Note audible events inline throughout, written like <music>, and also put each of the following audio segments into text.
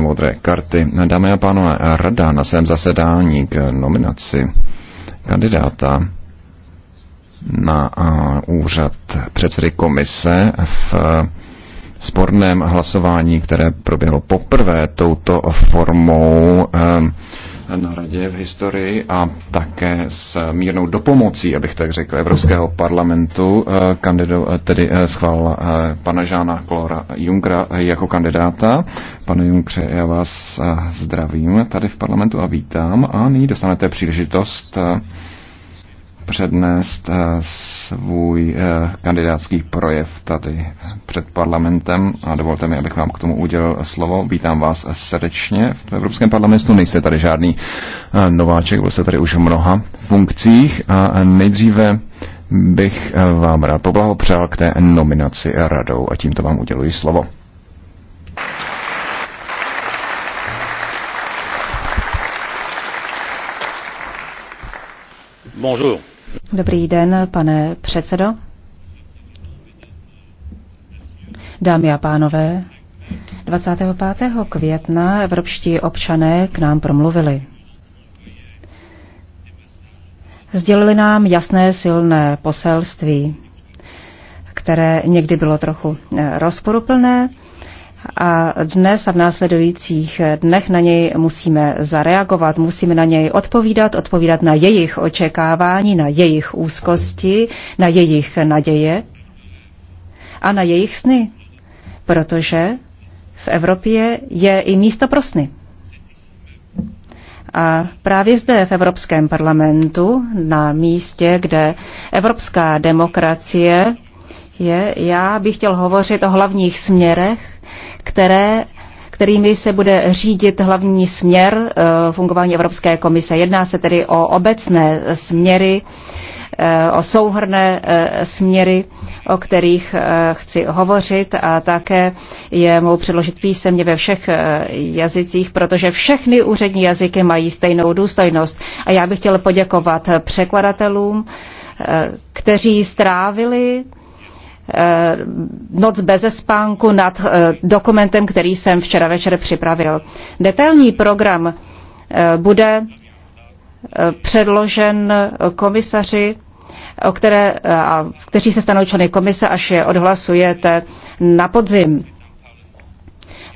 modré karty. Dámy a pánové, rada na svém zasedání k nominaci kandidáta na úřad předsedy komise v sporném hlasování, které proběhlo poprvé touto formou eh, na radě v historii a také s mírnou dopomocí, abych tak řekl, Evropského parlamentu, eh, kandido, eh, tedy eh, schválila pana Žána Klora Junkra jako kandidáta. Pane Junkře, já vás zdravím tady v parlamentu a vítám a nyní dostanete příležitost přednést eh, svůj eh, kandidátský projev tady před parlamentem a dovolte mi, abych vám k tomu udělal slovo. Vítám vás srdečně v Evropském parlamentu. Nejste tady žádný eh, nováček, byl jste tady už v mnoha funkcích a nejdříve bych vám rád poblahopřál k té nominaci radou a tímto vám uděluji slovo. Bonjour Dobrý den, pane předsedo. Dámy a pánové, 25. května evropští občané k nám promluvili. Sdělili nám jasné silné poselství, které někdy bylo trochu eh, rozporuplné, a dnes a v následujících dnech na něj musíme zareagovat, musíme na něj odpovídat, odpovídat na jejich očekávání, na jejich úzkosti, na jejich naděje a na jejich sny, protože v Evropě je i místo pro sny. A právě zde v Evropském parlamentu, na místě, kde evropská demokracie je, já bych chtěl hovořit o hlavních směrech které kterými se bude řídit hlavní směr eh, fungování Evropské komise. Jedná se tedy o obecné směry, eh, o souhrné eh, směry, o kterých chci hovořit a také je mohu předložit písemně ve všech jazycích, protože všechny úřední jazyky mají stejnou důstojnost. A já bych chtěl poděkovat překladatelům, kteří strávili Eh, noc bez spánku nad eh, dokumentem, který jsem včera večer připravil. Detailní program eh, bude předložen komisaři, o které, kteří se stanou členy komise, až je odhlasujete na podzim.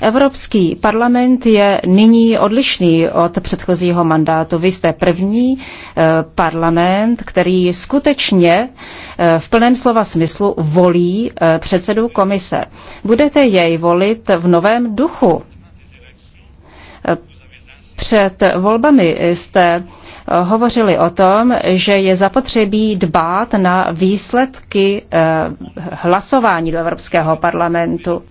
Evropský parlament je nyní odlišný od předchozího mandátu. Vy jste první eh, parlament, který skutečně eh, v plném slova smyslu volí eh, předsedu komise. Budete jej volit v novém duchu. Před volbami jste hovořili o tom, že je zapotřebí dbát na výsledky hlasování do Evropského parlamentu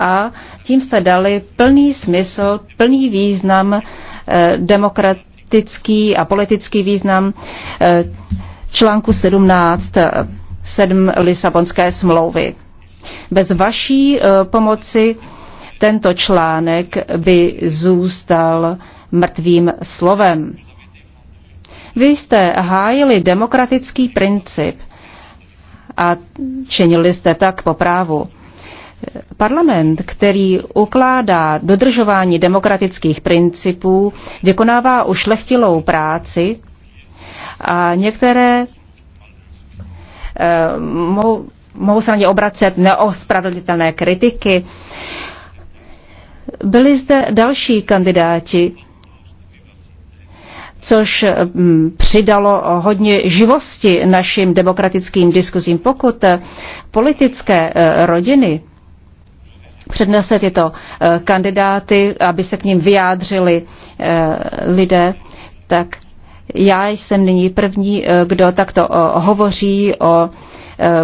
a tím jste dali plný smysl, plný význam eh, demokratický a politický význam eh, článku 17 7 Lisabonské smlouvy. Bez vaší eh, pomoci tento článek by zůstal mrtvým slovem. Vy jste hájili demokratický princip a činili jste tak po právu. Parlament, který ukládá dodržování demokratických principů, vykonává ušlechtilou práci a některé eh, mohou, mohou se na ně obracet neospravedlitelné kritiky. Byli zde další kandidáti, což hm, přidalo hodně živosti našim demokratickým diskuzím. Pokud politické eh, rodiny přednese tyto eh, kandidáty, aby se k ním vyjádřili eh, lidé, tak já jsem nyní první, eh, kdo takto hovoří o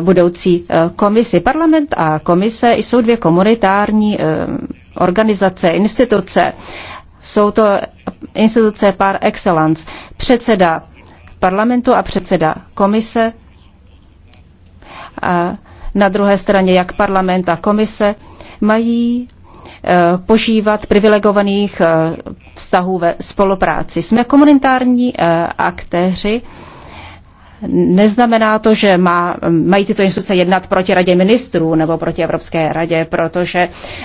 budoucí komisi. Parlament a komise jsou dvě komunitární organizace, instituce. Jsou to instituce par excellence. Předseda parlamentu a předseda komise. A na druhé straně jak parlament a komise mají eh, požívat privilegovaných eh, vztahů ve spolupráci. Jsme komunitární eh, aktéři, Neznamená to, že má, mají tyto instituce jednat proti radě ministrů nebo proti Evropské radě, protože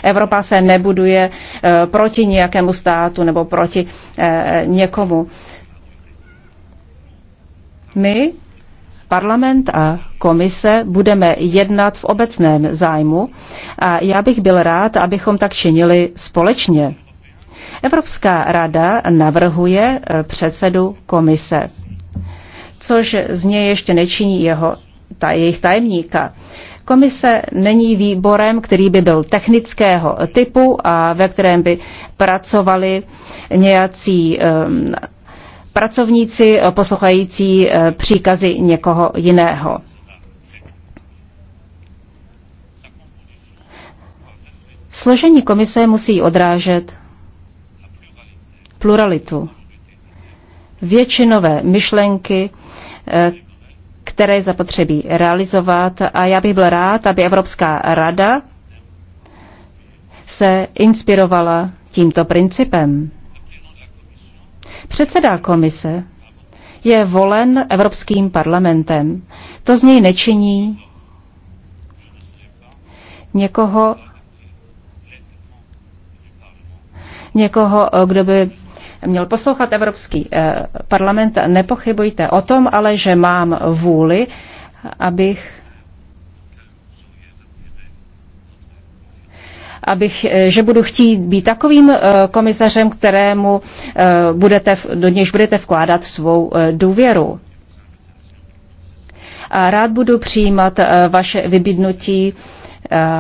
Evropa se nebuduje proti nějakému státu nebo proti někomu. My parlament a komise budeme jednat v obecném zájmu a já bych byl rád, abychom tak činili společně. Evropská rada navrhuje eh, předsedu komise, což z něj ještě nečiní jeho, ta, jejich tajemníka. Komise není výborem, který by byl technického typu a ve kterém by pracovali nějací um, pracovníci eh, poslouchající eh, příkazy někoho jiného. Složení komise musí odrážet pluralitu, většinové myšlenky, eh, které je zapotřebí realizovat. A já bych byl rád, aby Evropská rada se inspirovala tímto principem. Předseda komise je volen Evropským parlamentem. To z něj nečiní někoho, někoho, kdo by měl poslouchat Evropský eh, parlament. Nepochybujte o tom, ale že mám vůli, abych abych, eh, že budu chtít být takovým eh, komisařem, kterému eh, budete, do něž budete vkládat svou důvěru. A rád budu přijímat vaše vybídnutí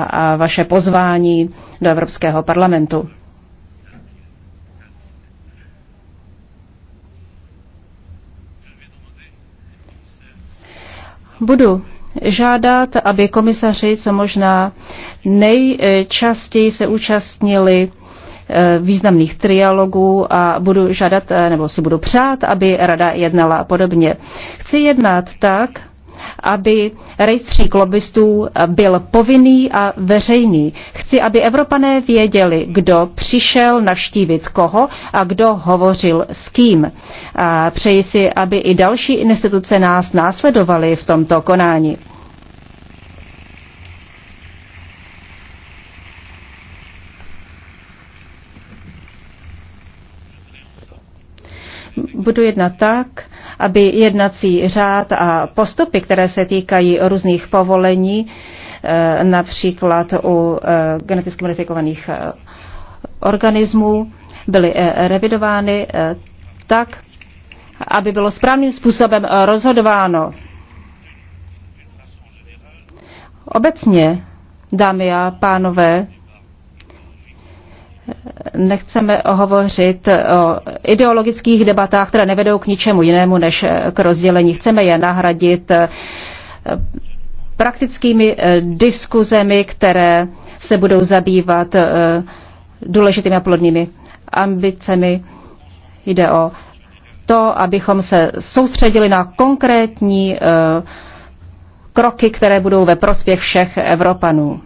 a vaše pozvání do Evropského parlamentu. Budu žádat, aby komisaři co možná nejčastěji se účastnili eh, významných trialogů a budu žádat, eh, nebo si budu přát, aby rada jednala podobně. Chci jednat tak, aby rejstřík lobbystů eh, byl povinný a veřejný. Chci, aby Evropané věděli, kdo přišel navštívit koho a kdo hovořil s kým. A přeji si, aby i další instituce nás následovaly v tomto konání. budu jednat tak, aby jednací řád a postupy, které se týkají různých povolení, eh, například u eh, geneticky modifikovaných eh, organismů, byly revidovány tak, aby bylo správným způsobem rozhodováno. Obecně, dámy a pánové, nechceme hovořit o ideologických debatách, které nevedou k ničemu jinému než k rozdělení. Chceme je nahradit eh, praktickými eh, diskuzemi, které se budou zabývat eh, důležitými a plodnými ambicemi. Jde o to, abychom se soustředili na konkrétní kroky, které budou ve prospěch všech Evropanů.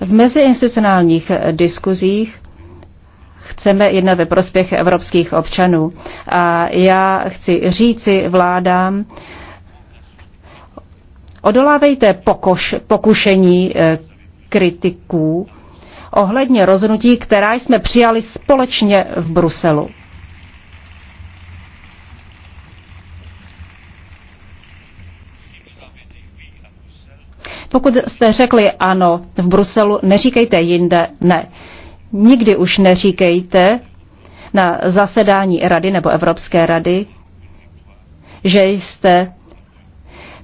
V meziinstitucionálních diskuzích chceme jednat ve prospěch evropských občanů. A já chci říci vládám, odolávejte pokoš, pokušení eh, kritiků ohledně rozhodnutí, která jsme přijali společně v Bruselu. Pokud jste řekli ano v Bruselu, neříkejte jinde ne. Nikdy už neříkejte na zasedání Rady nebo Evropské rady, že jste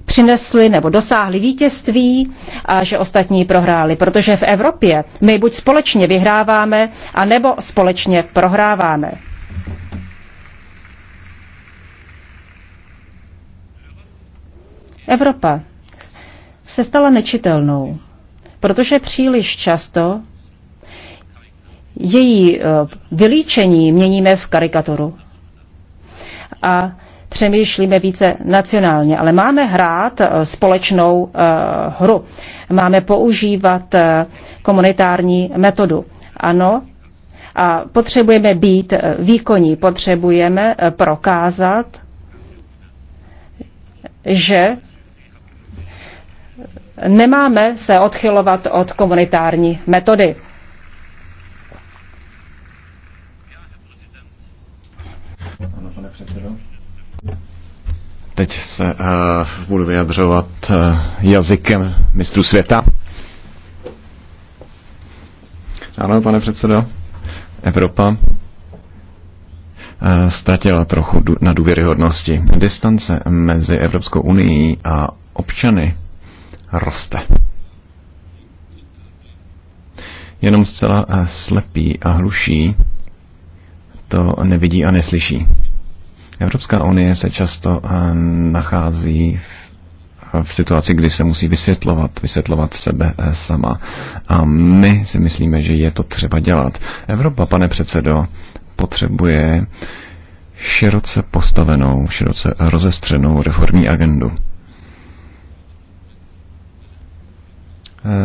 přinesli nebo dosáhli vítězství a že ostatní prohráli. Protože v Evropě my buď společně vyhráváme, a nebo společně prohráváme. Evropa se stala nečitelnou, protože příliš často její eh, vylíčení měníme v karikaturu. A přemýšlíme více nacionálně, ale máme hrát eh, společnou eh, hru. Máme používat komunitární metodu. Ano, a potřebujeme být výkonní, potřebujeme prokázat, že Nemáme se odchylovat od komunitární metody. Teď se uh, budu vyjadřovat uh, jazykem mistru světa. Ano, pane předsedo. Evropa eh, ztratila trochu na důvěryhodnosti. Distance mezi Evropskou unii a občany roste. Jenom zcela eh, slepí a hluší to nevidí a neslyší. Evropská unie se často eh, nachází v situaci, kdy se musí vysvětlovat, vysvětlovat sebe eh, sama. A my si myslíme, že je to třeba dělat. Evropa, pane předsedo, potřebuje široce postavenou, široce rozestřenou reformní agendu.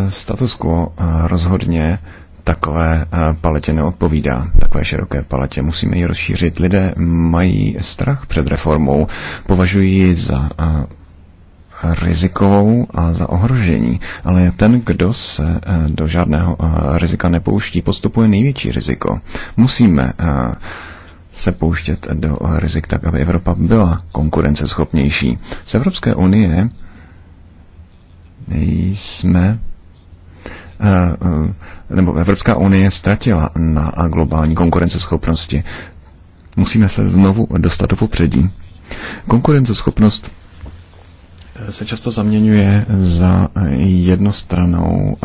Status quo rozhodně takové paletě neodpovídá, takové široké paletě. Musíme ji rozšířit. Lidé mají strach před reformou, považují ji za rizikovou a za ohrožení, ale ten, kdo se do žádného rizika nepouští, postupuje největší riziko. Musíme se pouštět do rizik tak, aby Evropa byla konkurenceschopnější. Z Evropské unie jsme eh, eh, nebo Evropská unie ztratila na globální konkurenceschopnosti. Musíme se znovu dostat do popředí. Konkurenceschopnost eh, se často zaměňuje za jednostranou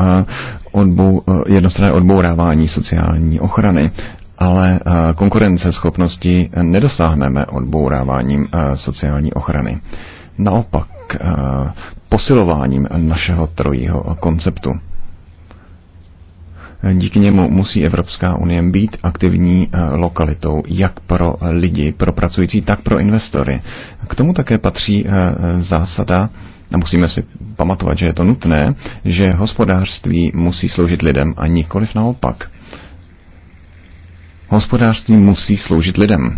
odbou, jednostranné odbourávání sociální ochrany, ale konkurenceschopnosti nedosáhneme odbouráváním sociální ochrany. Naopak, posilováním našeho trojího konceptu. Díky němu musí Evropská unie být aktivní eh, lokalitou jak pro lidi, pro pracující, tak pro investory. K tomu také patří eh, zásada, a musíme si pamatovat, že je to nutné, že hospodářství musí sloužit lidem a nikoliv naopak. Hospodářství musí sloužit lidem.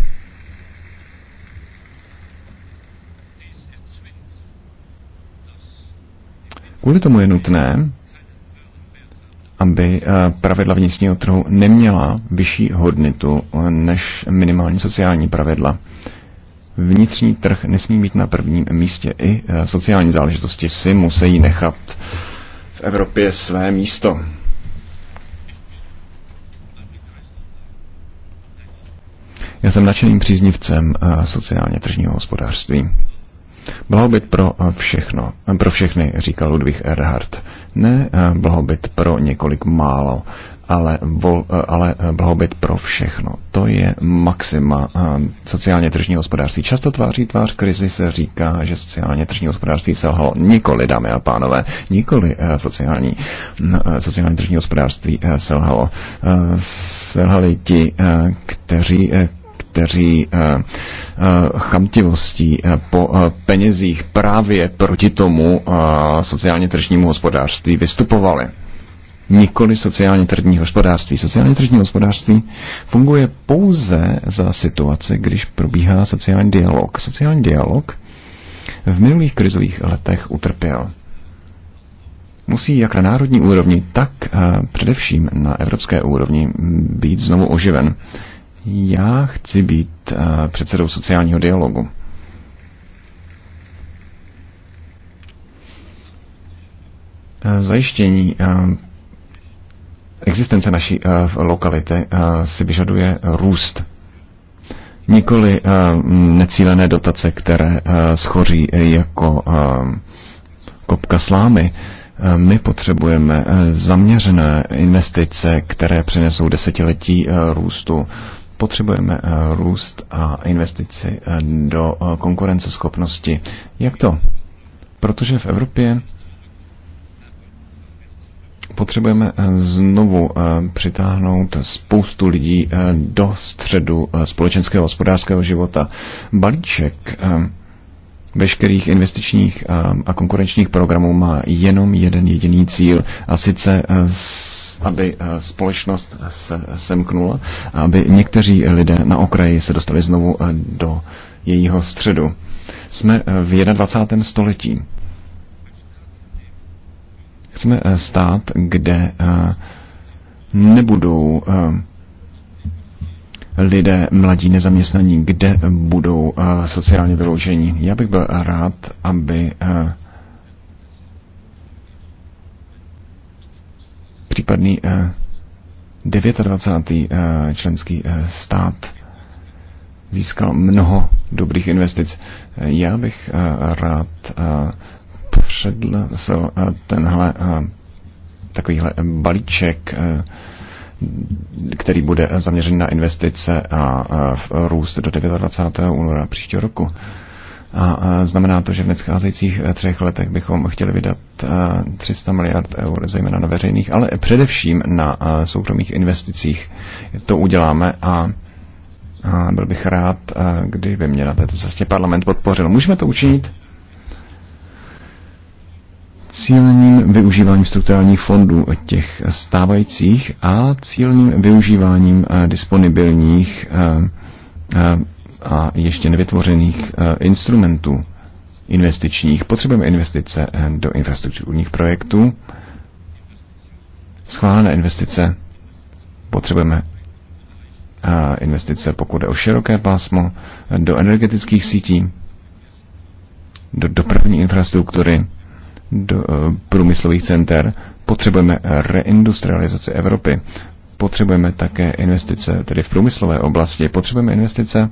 Kvůli tomu je nutné, aby eh, pravidla vnitřního trhu neměla vyšší hodnotu eh, než minimální sociální pravidla. Vnitřní trh nesmí mít na prvním místě. I eh, sociální záležitosti si musí nechat v Evropě své místo. Já jsem nadšeným příznivcem sociálně tržního hospodářství. Blahobyt pro eh, všechno, eh, pro všechny, říkal Ludwig Erhard. Ne eh, blahobyt pro několik málo, ale, vol, ale blahobyt pro všechno. To je maxima sociálně tržního hospodářství. Často tváří tvář krizi se říká, že sociálně tržní hospodářství selhalo. Nikoli, dámy a pánové, nikoli sociální, mm, sociálně tržní hospodářství selhalo. Selhali ti, kteří kteří eh, eh, chamtivostí eh, po penězích právě proti tomu sociálně tržnímu hospodářství vystupovali. Nikoli sociálně tržní hospodářství. Sociálně tržní hospodářství funguje pouze za situace, když probíhá sociální dialog. Sociální dialog v minulých krizových letech utrpěl musí jak na národní úrovni, tak především na evropské úrovni být znovu oživen. Já chci být eh, předsedou sociálního dialogu. Eh, zajištění eh, existence naší lokality si vyžaduje růst. Nikoli necílené dotace, které schoří jako kopka slámy. My potřebujeme zaměřené investice, které přinesou desetiletí růstu Potřebujeme eh, růst a investici eh, do eh, konkurenceschopnosti. Jak to? Protože v Evropě potřebujeme znovu přitáhnout spoustu lidí do středu společenského hospodářského života. Balíček veškerých investičních a konkurenčních programů má jenom jeden jediný cíl a sice aby eh, společnost se semknula, aby někteří lidé na okraji se dostali znovu eh, do jejího středu. Jsme eh, v 21. století. Chceme stát, kde nebudou lidé mladí nezaměstnaní, kde budou sociálně vyloužení. Já bych byl rád, aby případný 29. Eh, eh, členský eh, stát získal mnoho dobrých investic. Já bych rád předlesl tenhle takovýhle balíček, který bude zaměřen na investice a v růst do 29. února příštího roku. A znamená to, že v nadcházejících eh, třech letech bychom chtěli vydat 300 eh, miliard eur, zejména na veřejných, ale především na eh, soukromých investicích. To uděláme a byl bych rád, kdyby mě na této cestě parlament podpořil. Můžeme to učinit cíleným využíváním strukturálních fondů těch stávajících a cíleným využíváním disponibilních a ještě nevytvořených eh, instrumentů investičních. Potřebujeme investice eh, do infrastrukturních projektů, schválené investice, potřebujeme eh, investice, pokud je o široké pásmo, do energetických sítí, do dopravní infrastruktury, do průmyslových center. Potřebujeme reindustrializaci Evropy. Potřebujeme také investice, tedy v průmyslové oblasti. Potřebujeme investice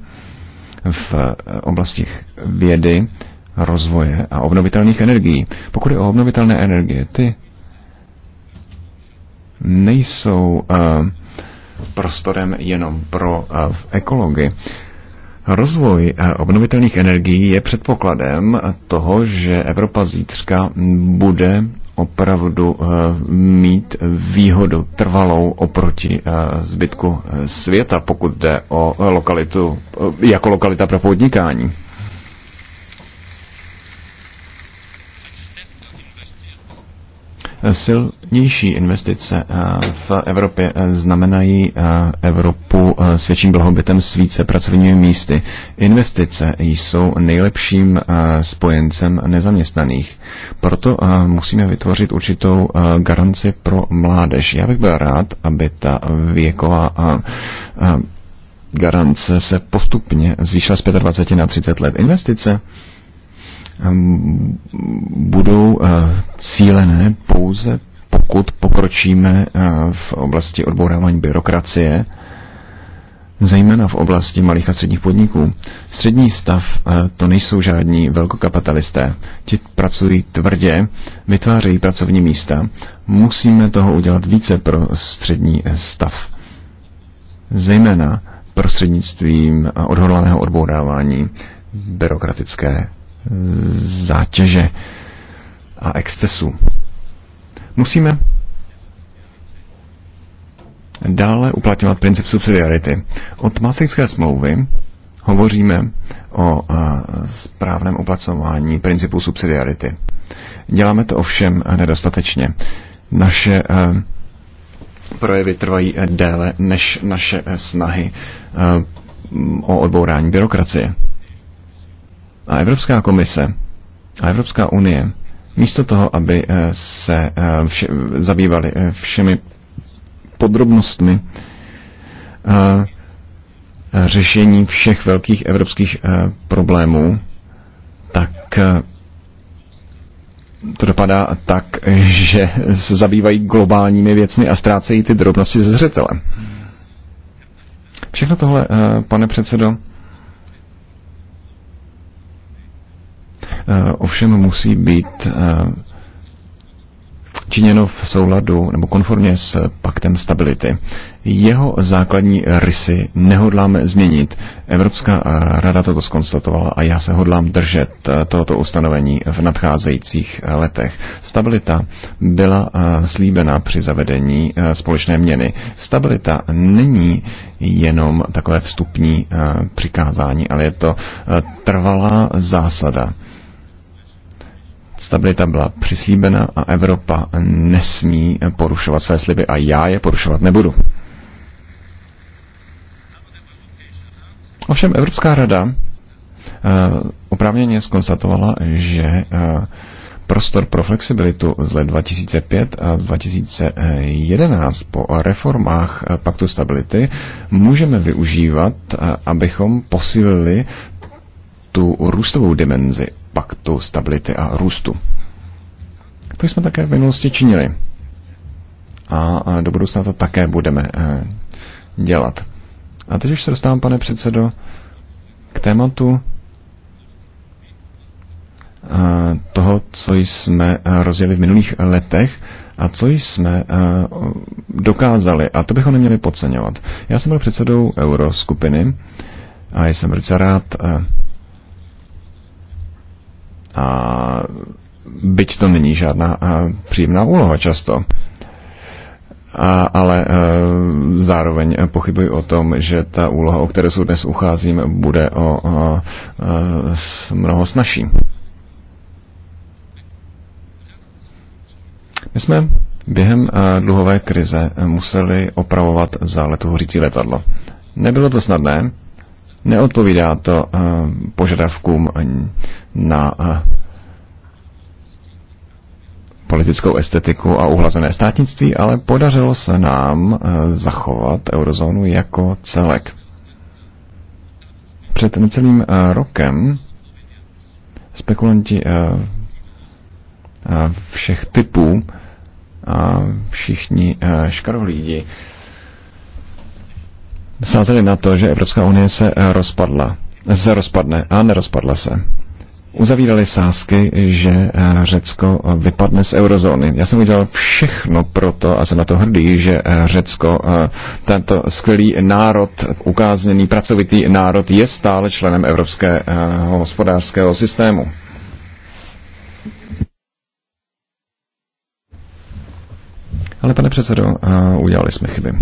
v eh, oblasti vědy, rozvoje a obnovitelných energií. Pokud je o obnovitelné energie, ty nejsou uh, prostorem jenom pro uh, eh, ekology. Rozvoj obnovitelných energií je předpokladem toho, že Evropa zítřka bude opravdu eh, mít výhodu trvalou oproti eh, zbytku eh, světa, pokud jde o lokalitu, jako lokalita pro podnikání. Silnější investice eh, v Evropě eh, znamenají eh, Evropu s větším blahobytem, s více pracovními místy. Investice jsou nejlepším spojencem nezaměstnaných. Proto musíme vytvořit určitou garanci pro mládež. Já bych byl rád, aby ta věková garance se postupně zvýšila z 25 na 30 let. Investice Ehm, budou eh, cílené pouze pokud pokročíme eh, v oblasti odbourávání byrokracie, zejména v oblasti malých a středních podniků. Střední stav eh, to nejsou žádní velkokapitalisté. Ti pracují tvrdě, vytvářejí pracovní místa. Musíme toho udělat více pro střední stav. Zejména prostřednictvím odhodlaného odbourávání byrokratické zátěže a excesu. Musíme dále uplatňovat princip subsidiarity. Od Maastrichtské smlouvy hovoříme o správném uplatňování principu subsidiarity. Děláme to ovšem nedostatečně. Naše projevy trvají déle než naše snahy o odbourání byrokracie. A Evropská komise a Evropská unie místo toho, aby eh, se eh, vše, zabývali eh, všemi podrobnostmi řešení všech velkých evropských problémů, tak to dopadá tak, že se zabývají globálními věcmi a ztrácejí ty drobnosti ze zřetele. Všechno tohle, pane předsedo, Eh, ovšem musí být eh, činěno v souladu nebo konformně s paktem stability. Jeho základní rysy nehodláme změnit. Evropská rada toto skonstatovala a já se hodlám držet eh, tohoto ustanovení v nadcházejících letech. Stabilita byla slíbená při zavedení společné měny. Stabilita není jenom takové vstupní přikázání, ale je to trvalá zásada Stabilita byla přislíbena a Evropa nesmí porušovat své sliby a já je porušovat nebudu. Ovšem Evropská rada eh, oprávněně skonstatovala, že eh, prostor pro flexibilitu z let 2005 a 2011 po reformách eh, Paktu stability můžeme využívat, abychom posílili tu růstovou dimenzi paktu stability a růstu. To jsme také v minulosti činili. A do budoucna to také budeme eh, dělat. A teď už se dostávám, pane předsedo, k tématu eh, toho, co jsme eh, rozjeli v minulých letech a co jsme dokázali. A to bychom neměli podceňovat. Já jsem byl předsedou euroskupiny a jsem velice rád, a byť to není žádná příjemná úloha často. A, ale a, e, zároveň pochybuji o tom, že ta úloha, o které se dnes ucházím, bude o, o e, mnoho snažší. My jsme během e, dluhové krize museli opravovat záletu hořící letadlo. Nebylo to snadné, Neodpovídá to eh, požadavkům na eh, politickou estetiku a uhlazené státnictví, ale podařilo se nám eh, zachovat eurozónu jako celek. Před necelým rokem spekulanti všech typů a všichni škarohlídi sázeli na to, že Evropská unie se eh, rozpadla, se rozpadne a nerozpadla se. Uzavírali sázky, že eh, Řecko eh, vypadne z eurozóny. Já jsem udělal všechno proto a jsem na to hrdý, že Řecko, tento skvělý národ, ukázněný pracovitý národ, je stále členem evropského hospodářského systému. Ale pane předsedo, udělali jsme chyby.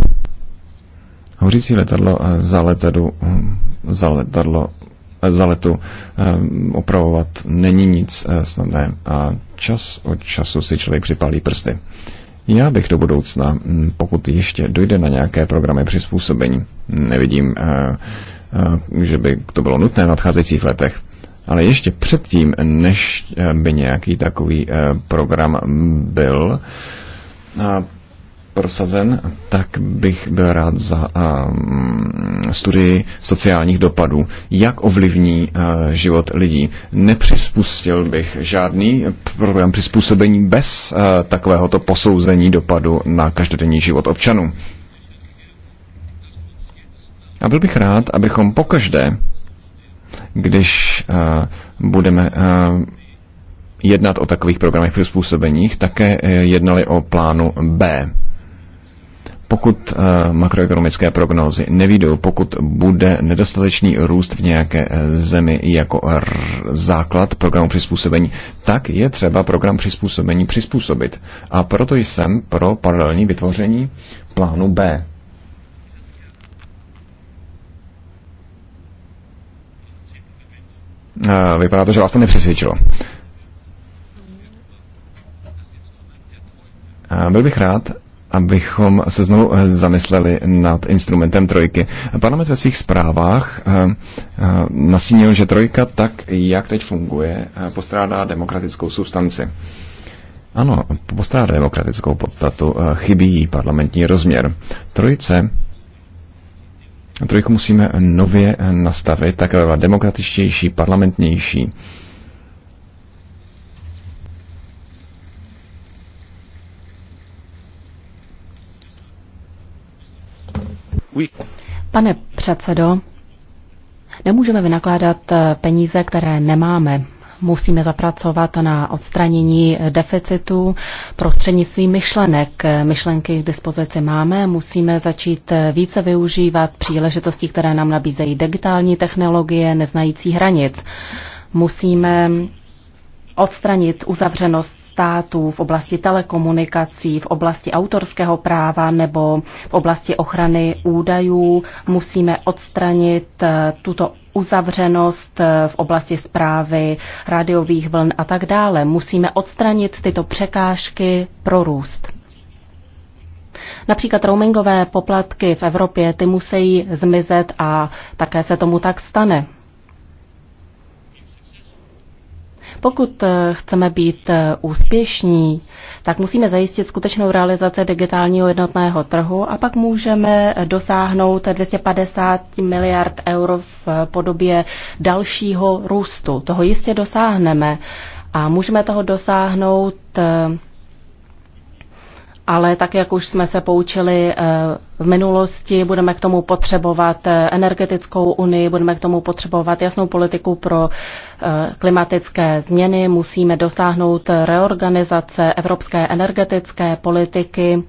Hořící letadlo eh, za, letadu, hm, za letadlo eh, za letu eh, opravovat není nic snadné a čas od času si člověk připálí prsty. Já bych do budoucna, hm, pokud ještě dojde na nějaké programy přizpůsobení, nevidím, že by to bylo nutné v nadcházejících letech, ale ještě předtím, než by nějaký takový program hm, byl, prosazen, tak bych byl rád za um, studii sociálních dopadů. Jak ovlivní uh, život lidí? Nepřispustil bych žádný program přizpůsobení bez uh, takovéhoto posouzení dopadu na každodenní život občanů. A byl bych rád, abychom pokaždé, když uh, budeme uh, jednat o takových programech přizpůsobeních, také uh, jednali o plánu B pokud eh, makroekonomické prognózy nevídou, pokud bude nedostatečný růst v nějaké eh, zemi jako základ programu přizpůsobení, tak je třeba program přizpůsobení přizpůsobit. A proto jsem pro paralelní vytvoření plánu B. Eh, vypadá to, že vás to nepřesvědčilo. Byl bych rád, abychom se znovu eh, zamysleli nad instrumentem trojky. Parlament ve svých zprávách eh, eh, nasínil, že trojka tak, jak teď funguje, postrádá demokratickou substanci. Ano, postrádá demokratickou podstatu, chybí jí parlamentní rozměr. Trojice Trojku musíme nově nastavit, tak aby byla demokratičtější, parlamentnější Pane předsedo, nemůžeme vynakládat eh, peníze, které nemáme. Musíme zapracovat na odstranění deficitu prostřednictvím myšlenek. Myšlenky k dispozici máme, musíme začít eh, více využívat příležitostí, které nám nabízejí digitální technologie neznající hranic. Musíme odstranit uzavřenost států v oblasti telekomunikací, v oblasti autorského práva nebo v oblasti ochrany údajů. Musíme odstranit eh, tuto uzavřenost eh, v oblasti zprávy rádiových vln a tak dále. Musíme odstranit tyto překážky pro růst. Například roamingové poplatky v Evropě, ty musí zmizet a také se tomu tak stane. Pokud eh, chceme být eh, úspěšní, tak musíme zajistit skutečnou realizaci digitálního jednotného trhu a pak můžeme eh, dosáhnout 250 miliard euro v podobě dalšího růstu. Toho jistě dosáhneme a můžeme toho dosáhnout ale tak, jak už jsme se poučili eh, v minulosti, budeme k tomu potřebovat eh, energetickou unii, budeme k tomu potřebovat jasnou politiku pro eh, klimatické změny, musíme dosáhnout reorganizace evropské energetické politiky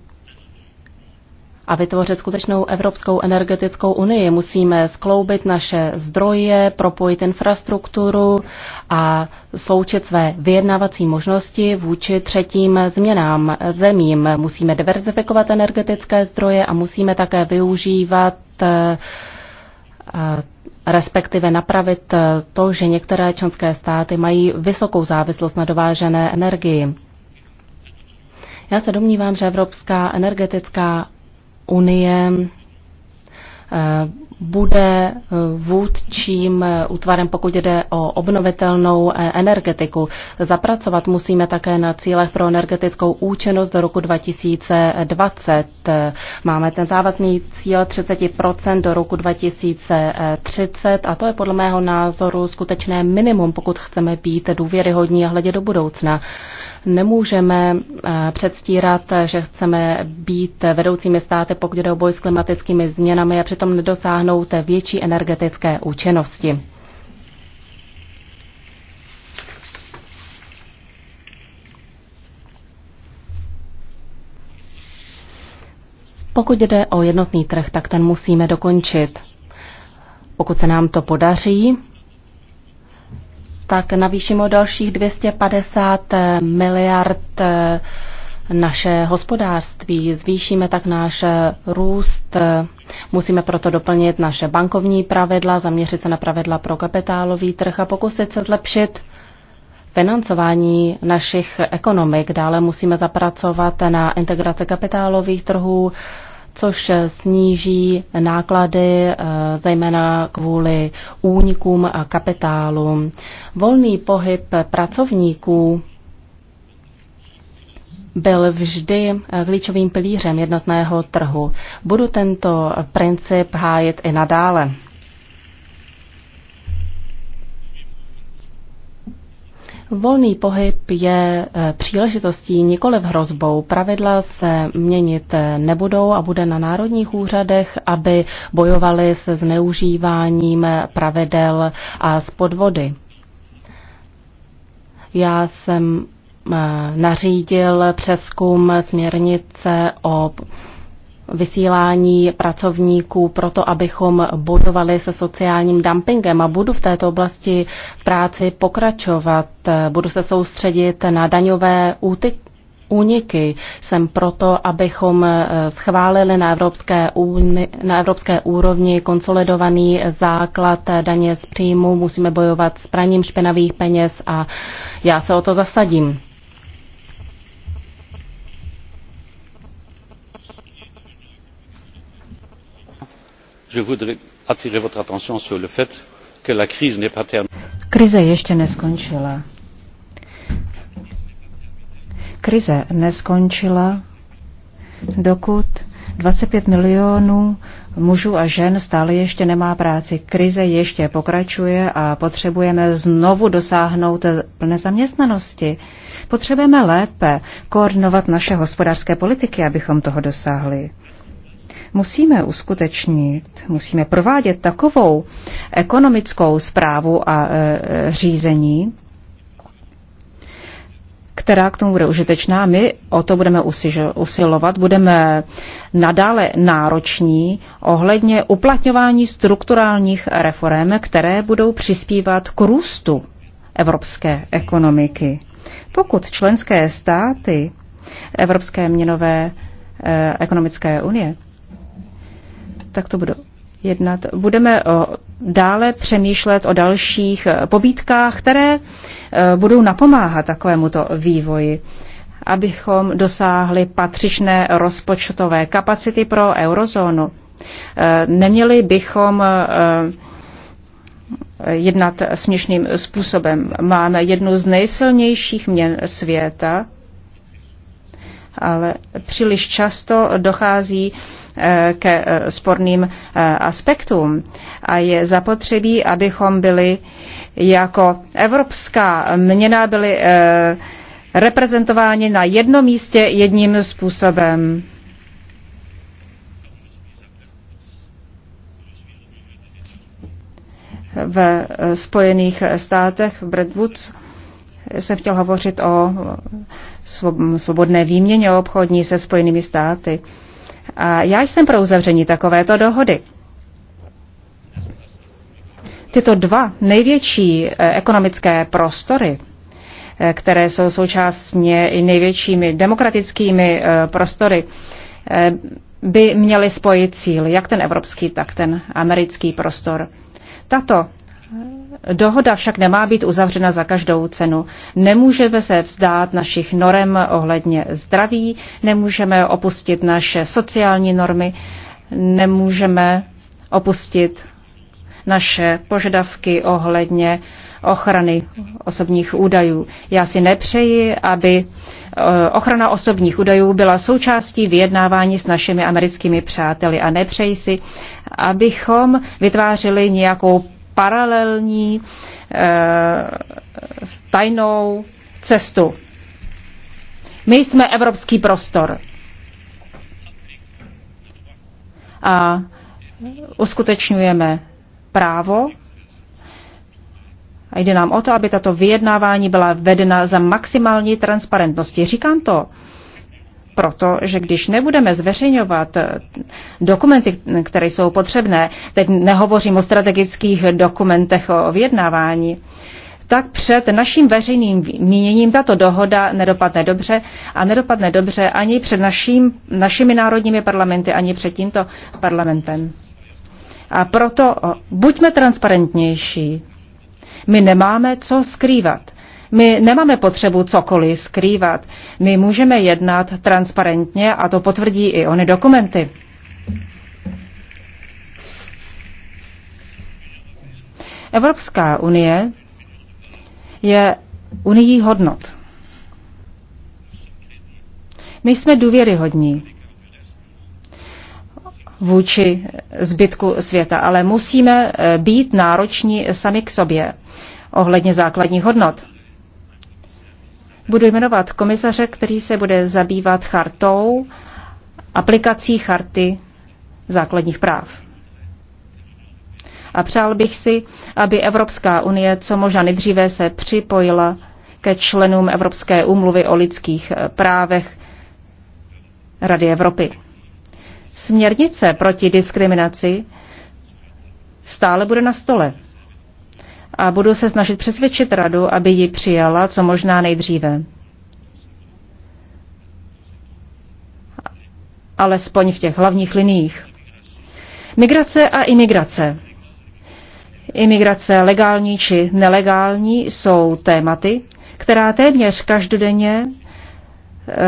a vytvořit skutečnou Evropskou energetickou unii. Musíme skloubit naše zdroje, propojit infrastrukturu a sloučit své vyjednávací možnosti vůči třetím změnám zemím. Musíme diverzifikovat energetické zdroje a musíme také využívat eh, eh, respektive napravit eh, to, že některé členské státy mají vysokou závislost na dovážené energii. Já se domnívám, že Evropská energetická unie eh, bude eh, vůdčím eh, útvarem, pokud jde o obnovitelnou energetiku. Zapracovat musíme také na cílech pro energetickou účinnost do roku 2020. Máme ten závazný cíl 30% do roku 2030 a to je podle mého názoru skutečné minimum, pokud chceme být důvěryhodní a hledě do budoucna. Nemůžeme eh, předstírat, že chceme být vedoucími státy, pokud jde o boj s klimatickými změnami a přitom nedosáhnout větší energetické účinnosti. Pokud jde o jednotný trh, tak ten musíme dokončit. Pokud se nám to podaří, tak navýšíme o dalších 250 eh, miliard eh, naše hospodářství, zvýšíme tak náš eh, růst, musíme proto doplnit naše bankovní pravidla, zaměřit se na pravidla pro kapitálový trh a pokusit se zlepšit financování našich ekonomik. Dále musíme zapracovat na integraci kapitálových trhů, což sníží náklady eh, zejména kvůli únikům a kapitálu. Volný pohyb pracovníků byl vždy eh, klíčovým pilířem jednotného trhu. Budu tento princip hájit i nadále. Volný pohyb je e, příležitostí, nikoli v hrozbou. Pravidla se měnit e, nebudou a bude na národních úřadech, aby bojovali se zneužíváním pravidel a s podvody. Já jsem e, nařídil přeskum směrnice o vysílání pracovníků proto, abychom bojovali se sociálním dumpingem a budu v této oblasti práci pokračovat. Budu se soustředit na daňové útyky úniky. Jsem proto, abychom eh, schválili na evropské, úni, na evropské úrovni konsolidovaný základ daně z příjmu. Musíme bojovat s praním špinavých peněz a já se o to zasadím. je voudrais attirer votre attention sur le fait que la crise n'est pas terminée. Krize ještě neskončila. Krize neskončila, dokud 25 milionů mužů a žen stále ještě nemá práci. Krize ještě pokračuje a potřebujeme znovu dosáhnout plné zaměstnanosti. Potřebujeme lépe koordinovat naše hospodářské politiky, abychom toho dosáhli musíme uskutečnit, musíme provádět takovou ekonomickou zprávu a e, řízení, která k tomu bude užitečná. My o to budeme usilovat, budeme nadále nároční ohledně uplatňování strukturálních reform, které budou přispívat k růstu evropské ekonomiky. Pokud členské státy Evropské měnové eh, ekonomické unie tak to budu jednat. Budeme o, eh, dále přemýšlet o dalších eh, pobídkách, které eh, budou napomáhat takovémuto vývoji abychom dosáhli patřičné rozpočtové kapacity pro eurozónu. Neměli bychom jednat směšným způsobem. Máme jednu z nejsilnějších měn světa, ale příliš často dochází Eh, ke eh, sporným eh, aspektům. A je zapotřebí, abychom byli jako evropská měna byli reprezentováni na jednom místě jedním způsobem. ve Spojených státech, v Bradwoods, jsem chtěl hovořit o svobodné výměně obchodní se Spojenými státy. A já jsem pro uzavření takovéto dohody. Tyto dva největší eh, ekonomické prostory, eh, které jsou současně i největšími demokratickými eh, prostory, by měly spojit cíl, jak ten evropský, tak ten americký prostor. Tato Dohoda však nemá být uzavřena za každou cenu. Nemůžeme se vzdát našich norem ohledně zdraví, nemůžeme opustit naše sociální normy, nemůžeme opustit naše požadavky ohledně ochrany osobních údajů. Já si nepřeji, aby eh, ochrana osobních údajů byla součástí vyjednávání s našimi americkými přáteli a nepřeji si, abychom vytvářeli nějakou paralelní eh, tajnou cestu. My jsme evropský prostor. A uskutečňujeme právo a jde nám o to, aby tato vyjednávání byla vedena za maximální transparentnosti. Říkám to proto, že když nebudeme zveřejňovat dokumenty, které jsou potřebné, teď nehovořím o strategických dokumentech o vyjednávání, tak před naším veřejným míněním tato dohoda nedopadne dobře a nedopadne dobře ani před naším, našimi národními parlamenty, ani před tímto parlamentem. A proto buďme transparentnější. My nemáme co skrývat. My nemáme potřebu cokoliv skrývat. My můžeme jednat transparentně a to potvrdí i ony dokumenty. Evropská unie je unijí hodnot. My jsme důvěryhodní vůči zbytku světa, ale musíme eh, být nároční sami k sobě ohledně základních hodnot budu jmenovat komisaře, který se bude zabývat chartou, aplikací charty základních práv. A přál bych si, aby Evropská unie co možná nejdříve se připojila ke členům Evropské úmluvy o lidských eh, právech Rady Evropy. Směrnice proti diskriminaci stále bude na stole a budu se snažit přesvědčit radu, aby ji přijala co možná nejdříve. Alespoň v těch hlavních liních. Migrace a imigrace. Imigrace legální či nelegální jsou tématy, která téměř každodenně e,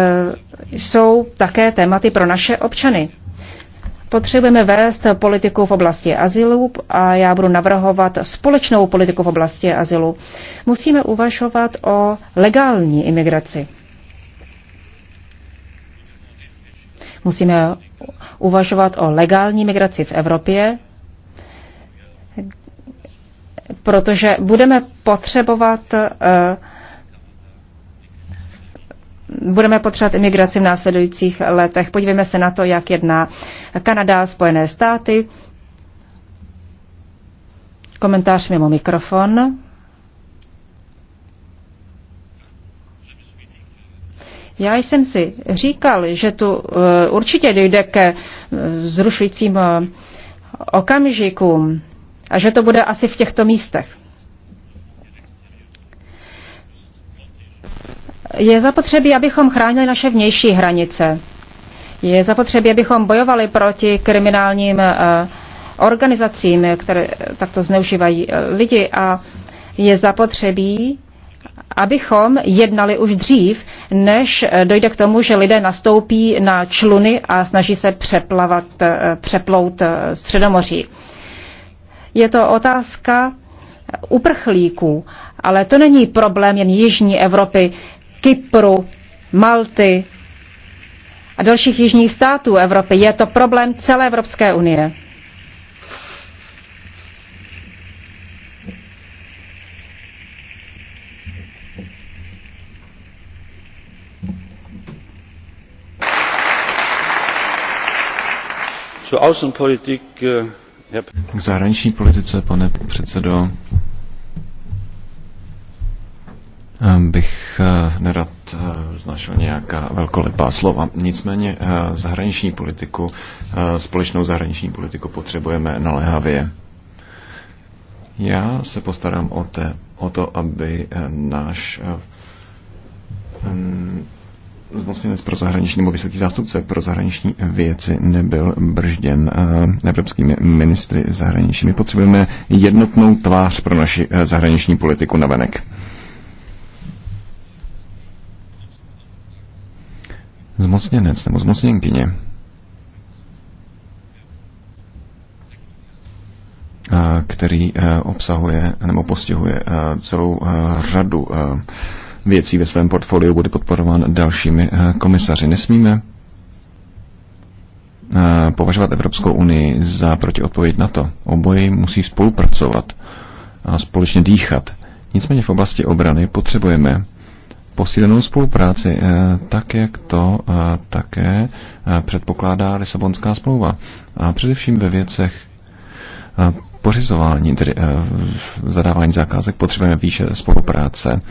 jsou také tématy pro naše občany. Potřebujeme vést politiku v oblasti azylu a já budu navrhovat společnou politiku v oblasti azylu. Musíme uvažovat o legální imigraci. Musíme uvažovat o legální migraci v Evropě, protože budeme potřebovat uh, budeme potřebovat imigraci v následujících letech. Podívejme se na to, jak jedná Kanada, Spojené státy. Komentář mimo mikrofon. Já jsem si říkal, že tu eh, určitě dojde ke eh, zrušujícím eh, okamžikům a že to bude asi v těchto místech. Je zapotřebí, abychom chránili naše vnější hranice. Je zapotřebí, abychom bojovali proti kriminálním eh, organizacím, které takto zneužívají eh, lidi a je zapotřebí, abychom jednali už dřív, než eh, dojde k tomu, že lidé nastoupí na čluny a snaží se přeplavat, přeplout Středomoří. Je to otázka uprchlíků, ale to není problém jen Jižní Evropy. Kypru, Malty a dalších jižních států Evropy. Je to problém celé Evropské unie. Äh, K zahraniční politice, pane předsedo, bych eh, nerad eh, znašel nějaká velkolepá slova. Nicméně eh, zahraniční politiku, společnou zahraniční politiku potřebujeme naléhavě. Já se postarám o, te, o to, aby náš mm, zmocněnec pro zahraniční nebo vysoký zástupce pro zahraniční věci nebyl bržděn evropskými ministry zahraničními. potřebujeme jednotnou tvář pro naši zahraniční politiku navenek. zmocněnec nebo zmocněnkyně který e, obsahuje nebo postihuje e, celou e, řadu věcí ve svém portfoliu, bude podporován dalšími komisaři. Nesmíme považovat Evropskou unii za protiodpověď na to. Oboji musí spolupracovat a společně dýchat. Nicméně v oblasti obrany potřebujeme posílenou spolupráci, eh, tak jak to eh, také eh, předpokládá Lisabonská smlouva. A především ve věcech pořizování, tedy zadávání zakázek, potřebujeme výše spolupráce,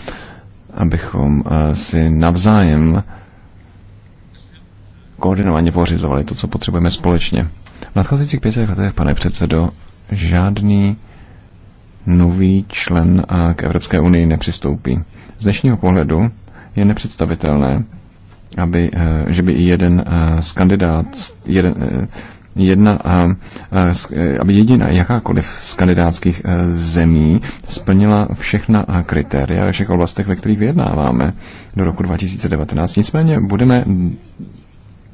abychom si navzájem koordinovaně pořizovali to, co potřebujeme společně. V nadcházejících pěti letech, pane předsedo, žádný nový člen k Evropské unii nepřistoupí. Z dnešního pohledu je nepředstavitelné, aby, e, že by jeden e, z kandidát, jeden, e, jedna, aby jediná jakákoliv z kandidátských zemí splnila všechna kritéria ve všech oblastech, ve kterých vyjednáváme do roku 2019. Nicméně budeme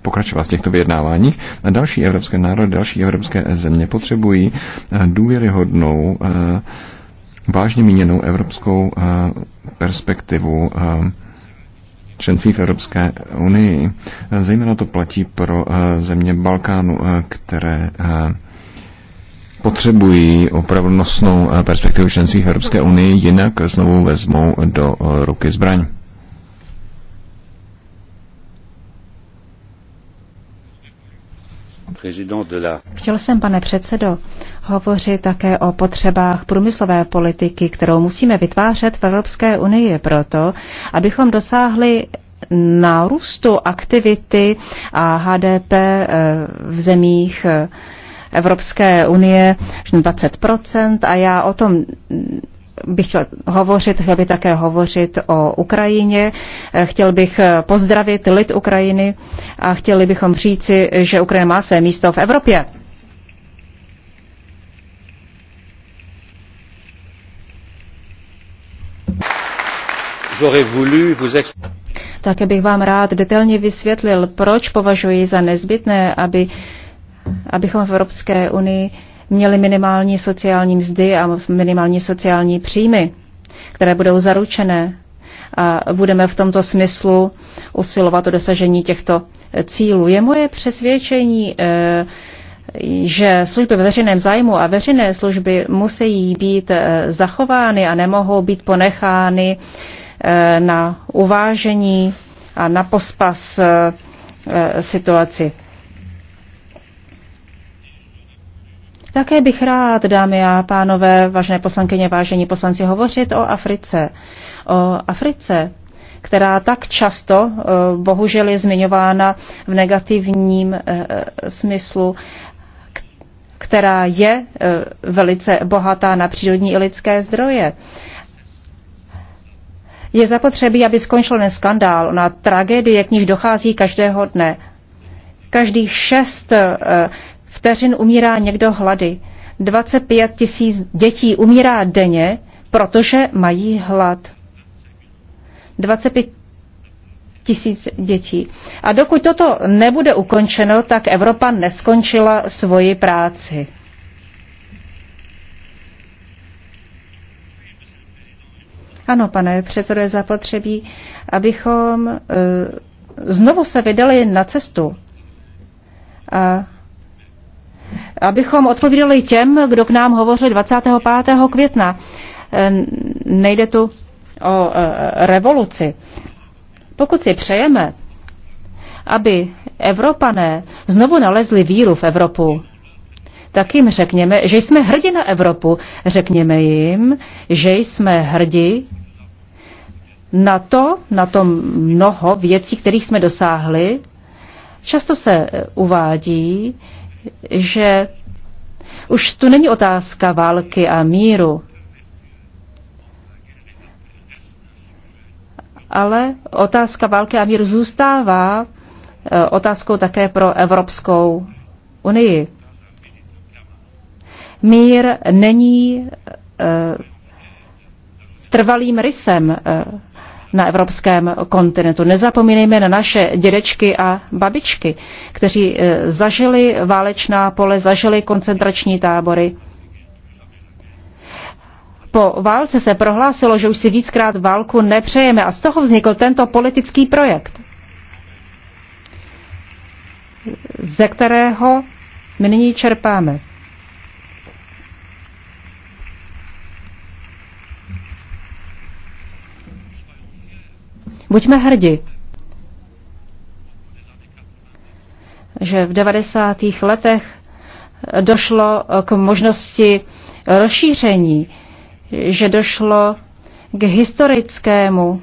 pokračovat v těchto vyjednáváních. Další evropské národy, další evropské země potřebují eh, důvěryhodnou, eh, vážně míněnou evropskou eh, perspektivu členství v Evropské unii. Zejména to platí pro země Balkánu, které potřebují opravdu nosnou perspektivu členství v Evropské unii, jinak znovu vezmou do ruky zbraň. Chtěl jsem, pane předsedo, hovořit také o potřebách průmyslové politiky, kterou musíme vytvářet v Evropské unii proto, abychom dosáhli nárůstu aktivity a HDP eh, v zemích eh, Evropské unie 20 a já o tom bych chtěl hovořit, chtěl bych také hovořit o Ukrajině, eh, chtěl bych eh, pozdravit lid Ukrajiny a chtěli bychom říci, že Ukrajina má své místo v Evropě. Také bych vám rád detailně vysvětlil, proč považuji za nezbytné, aby, abychom v Evropské unii měli minimální sociální mzdy a minimální sociální příjmy, které budou zaručené. A budeme v tomto smyslu usilovat o dosažení těchto cílů. Je moje přesvědčení, eh, že služby ve veřejném zájmu a veřejné služby musí být eh, zachovány a nemohou být ponechány eh, na uvážení a na pospas situaci. Také bych rád, dámy a pánové, vážené poslankyně, vážení poslanci, hovořit o Africe. O Africe, která tak často eh, bohužel je zmiňována v negativním eh, smyslu, která je eh, velice bohatá na přírodní i lidské zdroje. Je zapotřebí, aby skončil ten skandál na tragédie, k níž dochází každého dne. Každých šest vteřin umírá někdo hlady. 25 tisíc dětí umírá denně, protože mají hlad. 25 tisíc dětí. A dokud toto nebude ukončeno, tak Evropa neskončila svoji práci. Ano, pane předsedo, je zapotřebí, abychom e, znovu se vydali na cestu. A abychom odpovídali těm, kdo k nám hovořil 25. května. E, nejde tu o e, revoluci. Pokud si přejeme, aby Evropané znovu nalezli víru v Evropu, tak jim řekněme, že jsme hrdi na Evropu. Řekněme jim, že jsme hrdi na to, na to mnoho věcí, kterých jsme dosáhli. Často se uvádí, že už tu není otázka války a míru, ale otázka války a míru zůstává eh, otázkou také pro Evropskou unii. Mír není eh, trvalým rysem eh, na evropském kontinentu. Nezapomínejme na naše dědečky a babičky, kteří eh, zažili válečná pole, zažili koncentrační tábory. Po válce se prohlásilo, že už si víckrát válku nepřejeme a z toho vznikl tento politický projekt, ze kterého my nyní čerpáme. Buďme hrdi, že v 90. letech došlo k možnosti rozšíření, že došlo k historickému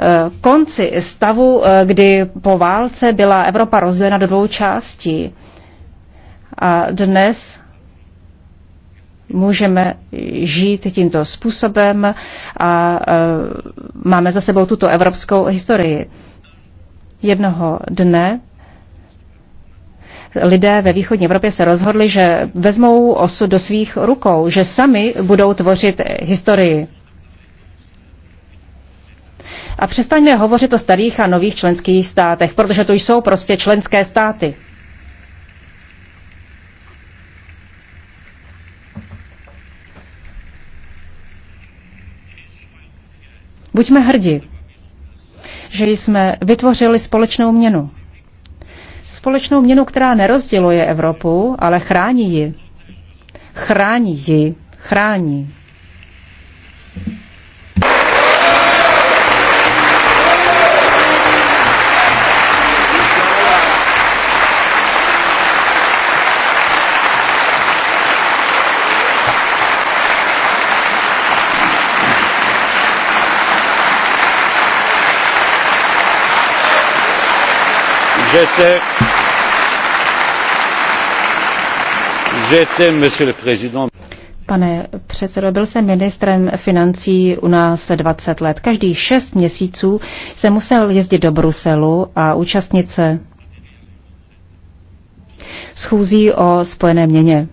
eh, konci stavu, eh, kdy po válce byla Evropa rozdělena do dvou částí. A dnes můžeme žít tímto způsobem a e, máme za sebou tuto evropskou historii. Jednoho dne lidé ve východní Evropě se rozhodli, že vezmou osud do svých rukou, že sami budou tvořit historii. A přestaňme hovořit o starých a nových členských státech, protože to jsou prostě členské státy. Buďme hrdi, že jsme vytvořili společnou měnu. Společnou měnu, která nerozděluje Evropu, ale chrání ji. Chrání ji. Chrání. j'étais j'étais monsieur le président Pane předsedo, byl jsem ministrem financí u nás 20 let. Každých 6 měsíců jsem musel jezdit do Bruselu a účastnit se schůzí o spojené měně.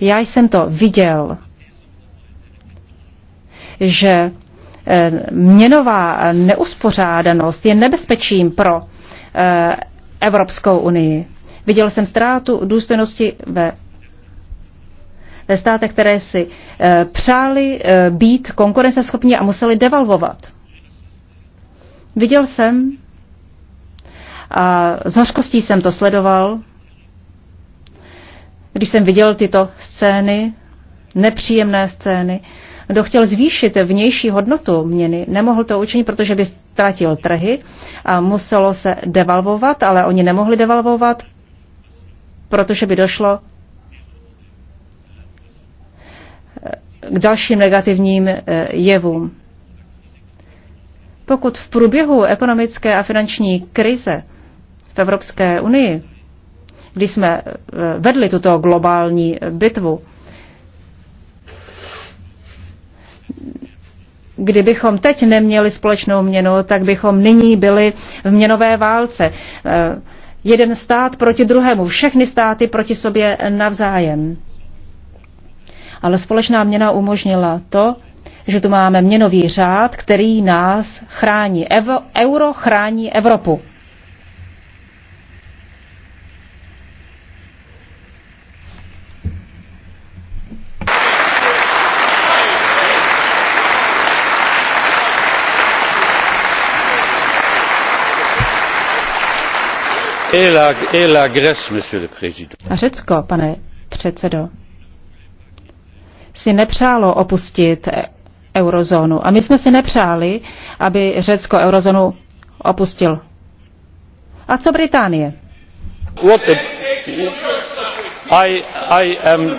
Já jsem to viděl, že eh, měnová neuspořádanost je nebezpečím pro Eh, Evropskou unii. Viděl jsem ztrátu důstojnosti ve, ve státech, které si eh, přáli eh, být konkurenceschopní a museli devalvovat. Viděl jsem a s hořkostí jsem to sledoval, když jsem viděl tyto scény, nepříjemné scény, kdo chtěl zvýšit vnější hodnotu měny, nemohl to učinit, protože by ztratil trhy a muselo se devalvovat, ale oni nemohli devalvovat, protože by došlo eh, k dalším negativním eh, jevům. Pokud v průběhu ekonomické a finanční krize v Evropské unii, kdy jsme eh, vedli tuto globální bitvu, Kdybychom teď neměli společnou měnu, tak bychom nyní byli v měnové válce. Eh, jeden stát proti druhému, všechny státy proti sobě navzájem. Ale společná měna umožnila to, že tu máme měnový řád, který nás chrání. Evo, euro chrání Evropu. A Řecko, pane předsedo, si nepřálo opustit eurozónu. A my jsme si nepřáli, aby Řecko eurozónu opustil. A co Británie? I, I am...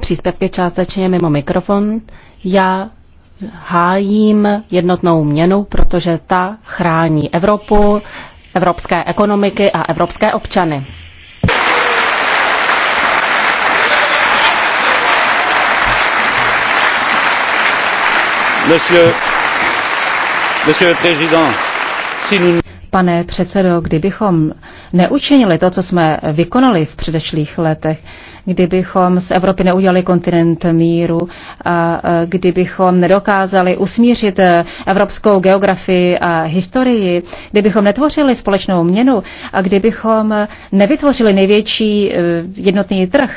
Příspěvky částečně mimo mikrofon. Já hájím jednotnou měnu, protože ta chrání Evropu, evropské ekonomiky a evropské občany. Monsieur, monsieur le Président, si nous pane předsedo, kdybychom neučinili to, co jsme vykonali v předešlých letech, kdybychom z Evropy neudělali kontinent míru a kdybychom nedokázali usmířit evropskou geografii a historii, kdybychom netvořili společnou měnu a kdybychom nevytvořili největší e, jednotný trh,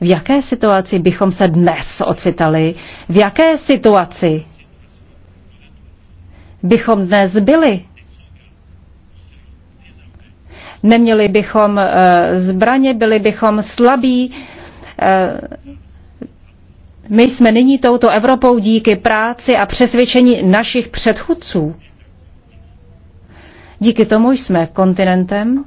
v jaké situaci bychom se dnes ocitali? V jaké situaci bychom dnes byli? neměli bychom eh, zbraně, byli bychom slabí. Eh, my jsme nyní touto Evropou díky práci a přesvědčení našich předchůdců. Díky tomu jsme kontinentem,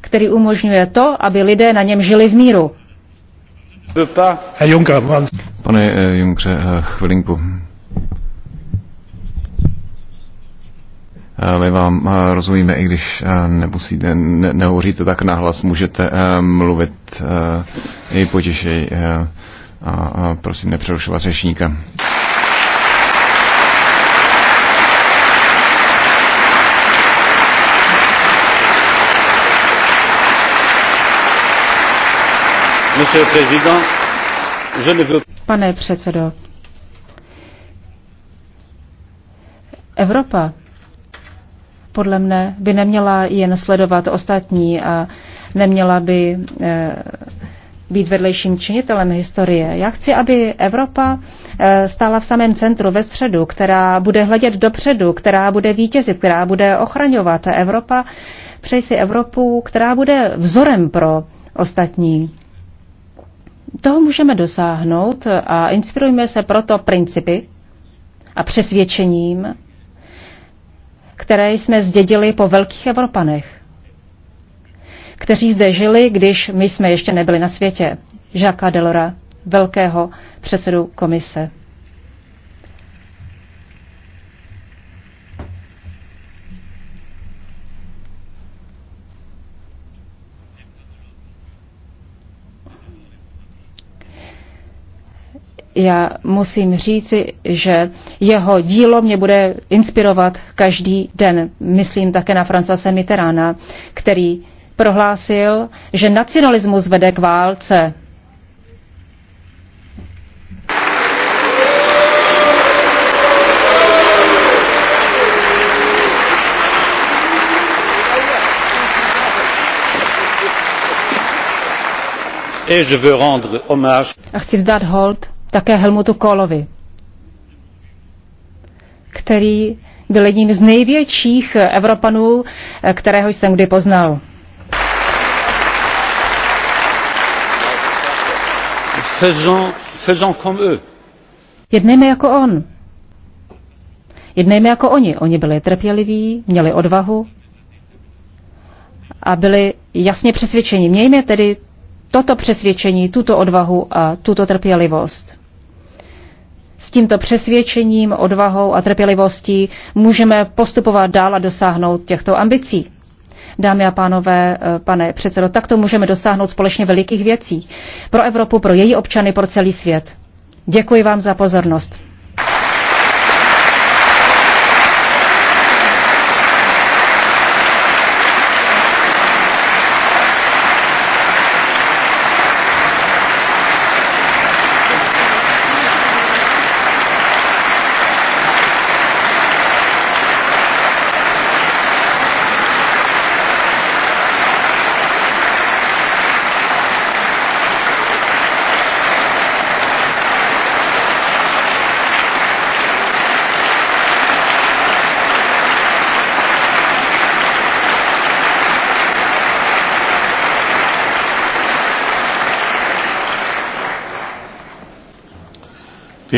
který umožňuje to, aby lidé na něm žili v míru. Pane eh, Junkře, chvilinku. Eh, my vám eh, rozumíme, i když eh, nemusíte, ne, nehovoříte tak nahlas, můžete mluvit i potěšej a prosím nepřerušovat řešníka. Pane předsedo, Evropa podle mne by neměla jen sledovat ostatní a neměla by eh, být vedlejším činitelem historie. Já chci, aby Evropa eh, stála v samém centru, ve středu, která bude hledět dopředu, která bude vítězit, která bude ochraňovat. Evropa, přeji si Evropu, která bude vzorem pro ostatní. Toho můžeme dosáhnout a inspirujme se proto principy a přesvědčením, které jsme zdědili po velkých Evropanech, kteří zde žili, když my jsme ještě nebyli na světě. Jacques Delora, velkého předsedu komise. já musím říci, že jeho dílo mě bude inspirovat každý den. Myslím také na Francoise Mitterranda, který prohlásil, že nacionalismus vede k válce. A chci vzdát hold také Helmutu Kohlovi, který byl jedním z největších Evropanů, eh, kterého jsem kdy poznal. Faisons, faisons comme eux. Jednejme jako on. Jednejme jako oni. Oni byli trpěliví, měli odvahu a byli jasně přesvědčeni. Mějme tedy toto přesvědčení, tuto odvahu a tuto trpělivost. S tímto přesvědčením, odvahou a trpělivostí můžeme postupovat dál a dosáhnout těchto ambicí. Dámy a pánové, eh, pane předsedo, takto můžeme dosáhnout společně velikých věcí. Pro Evropu, pro její občany, pro celý svět. Děkuji vám za pozornost.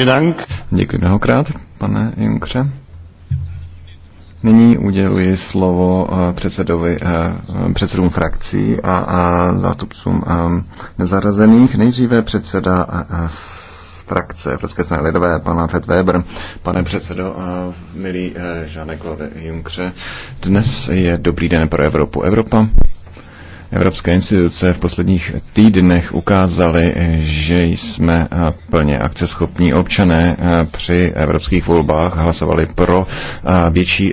Dank. Děkuji mnohokrát, pane Junkře. Nyní uděluji slovo eh, předsedovi, eh, předsedům frakcí a, a zástupcům ehm, nezarazených. Nejdříve předseda eh, frakce Evropské strany lidové, pana Fed Weber. Pane předsedo, milý Žane Claude Junkře, dnes je dobrý den pro Evropu. Evropa evropské instituce v posledních týdnech ukázaly, že jsme eh, plně akceschopní občané eh, při evropských volbách hlasovali pro eh, větší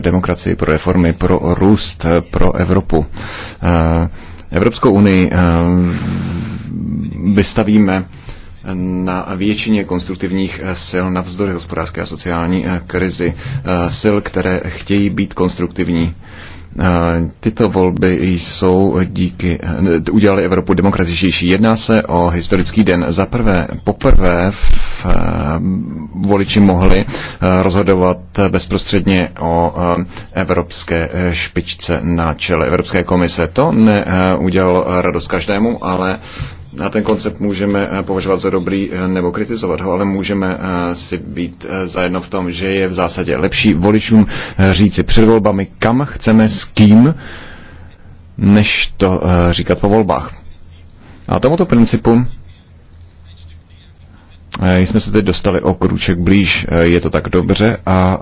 demokracii, pro reformy, pro růst, pro Evropu. Evropskou unii vystavíme na většině konstruktivních sil navzdory hospodářské a sociální krizi. Sil, které chtějí být konstruktivní. Tyto volby jsou díky, udělali Evropu demokratičtější. Jedná se o historický den. Za prvé, poprvé v, eh, voliči mohli eh, rozhodovat bezprostředně o eh, evropské špičce na čele Evropské komise. To neudělalo radost každému, ale a ten koncept můžeme eh, považovat za dobrý eh, nebo kritizovat ho, ale můžeme eh, si být zajedno v tom, že je v zásadě lepší voličům říci před volbami, kam chceme, s kým, než to říkat po volbách. A tomuto principu Eh, jsme se teď dostali o kruček blíž, eh, je to tak dobře a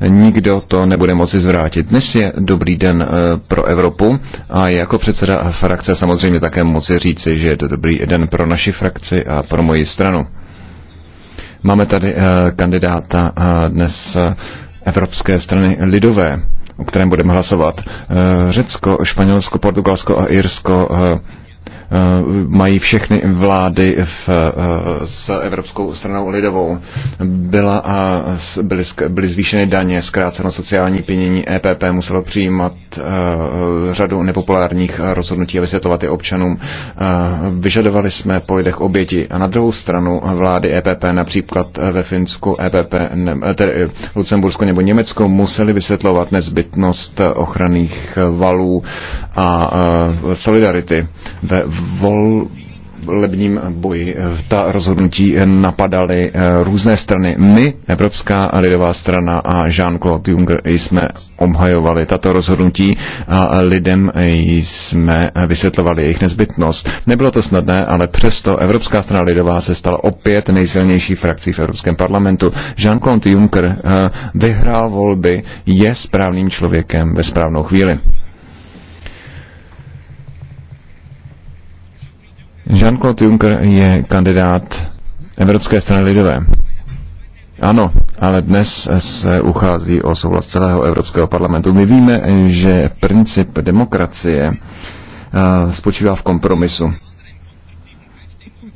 eh, nikdo to nebude moci zvrátit. Dnes je dobrý den pro Evropu a jako předseda frakce samozřejmě také moci říci, že je to dobrý den pro naši frakci a pro moji stranu. Máme tady kandidáta dnes Evropské strany lidové, o kterém budeme hlasovat. Řecko, Španělsko, Portugalsko a Irsko Eh, mají všechny vlády v, eh, s Evropskou stranou lidovou. Byla, eh, byly, byly zvýšeny daně, zkráceno sociální pěnění, EPP muselo přijímat řadu nepopulárních rozhodnutí a vysvětlovat je občanům. Vyžadovali jsme po lidech oběti a na druhou stranu vlády EPP, například ve Finsku, EPP, ne, tedy Lucembursko nebo Německo, museli vysvětlovat nezbytnost ochranných valů a solidarity ve vol lebním boji ta rozhodnutí napadaly eh, různé strany. My, Evropská lidová strana a Jean-Claude Juncker jsme obhajovali tato rozhodnutí a lidem jsme vysvětlovali jejich nezbytnost. Nebylo to snadné, ale přesto Evropská strana lidová se stala opět nejsilnější frakcí v Evropském parlamentu. Jean-Claude Juncker eh, vyhrál volby, je správným člověkem ve správnou chvíli. Jean-Claude Juncker je kandidát Evropské strany lidové. Ano, ale dnes se uchází o souhlas celého Evropského parlamentu. My víme, že princip demokracie eh, spočívá v kompromisu.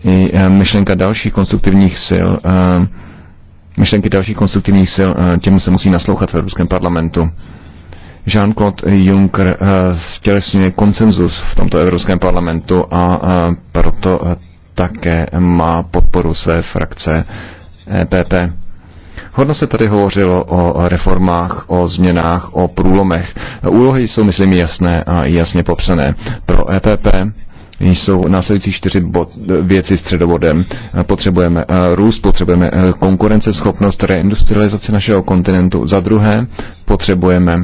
I eh, myšlenka dalších konstruktivních sil, eh, myšlenky dalších konstruktivních sil, těm se musí naslouchat v Evropském parlamentu. Jean-Claude Juncker eh, stělesňuje konsenzus v tomto Evropském parlamentu a eh, proto eh, také má podporu své frakce EPP. Hodno se tady hovořilo o reformách, o změnách, o průlomech. Úlohy jsou, myslím, jasné a jasně popsané. Pro EPP jsou následující čtyři bod, věci středobodem. Potřebujeme růst, potřebujeme konkurenceschopnost, reindustrializaci našeho kontinentu. Za druhé, potřebujeme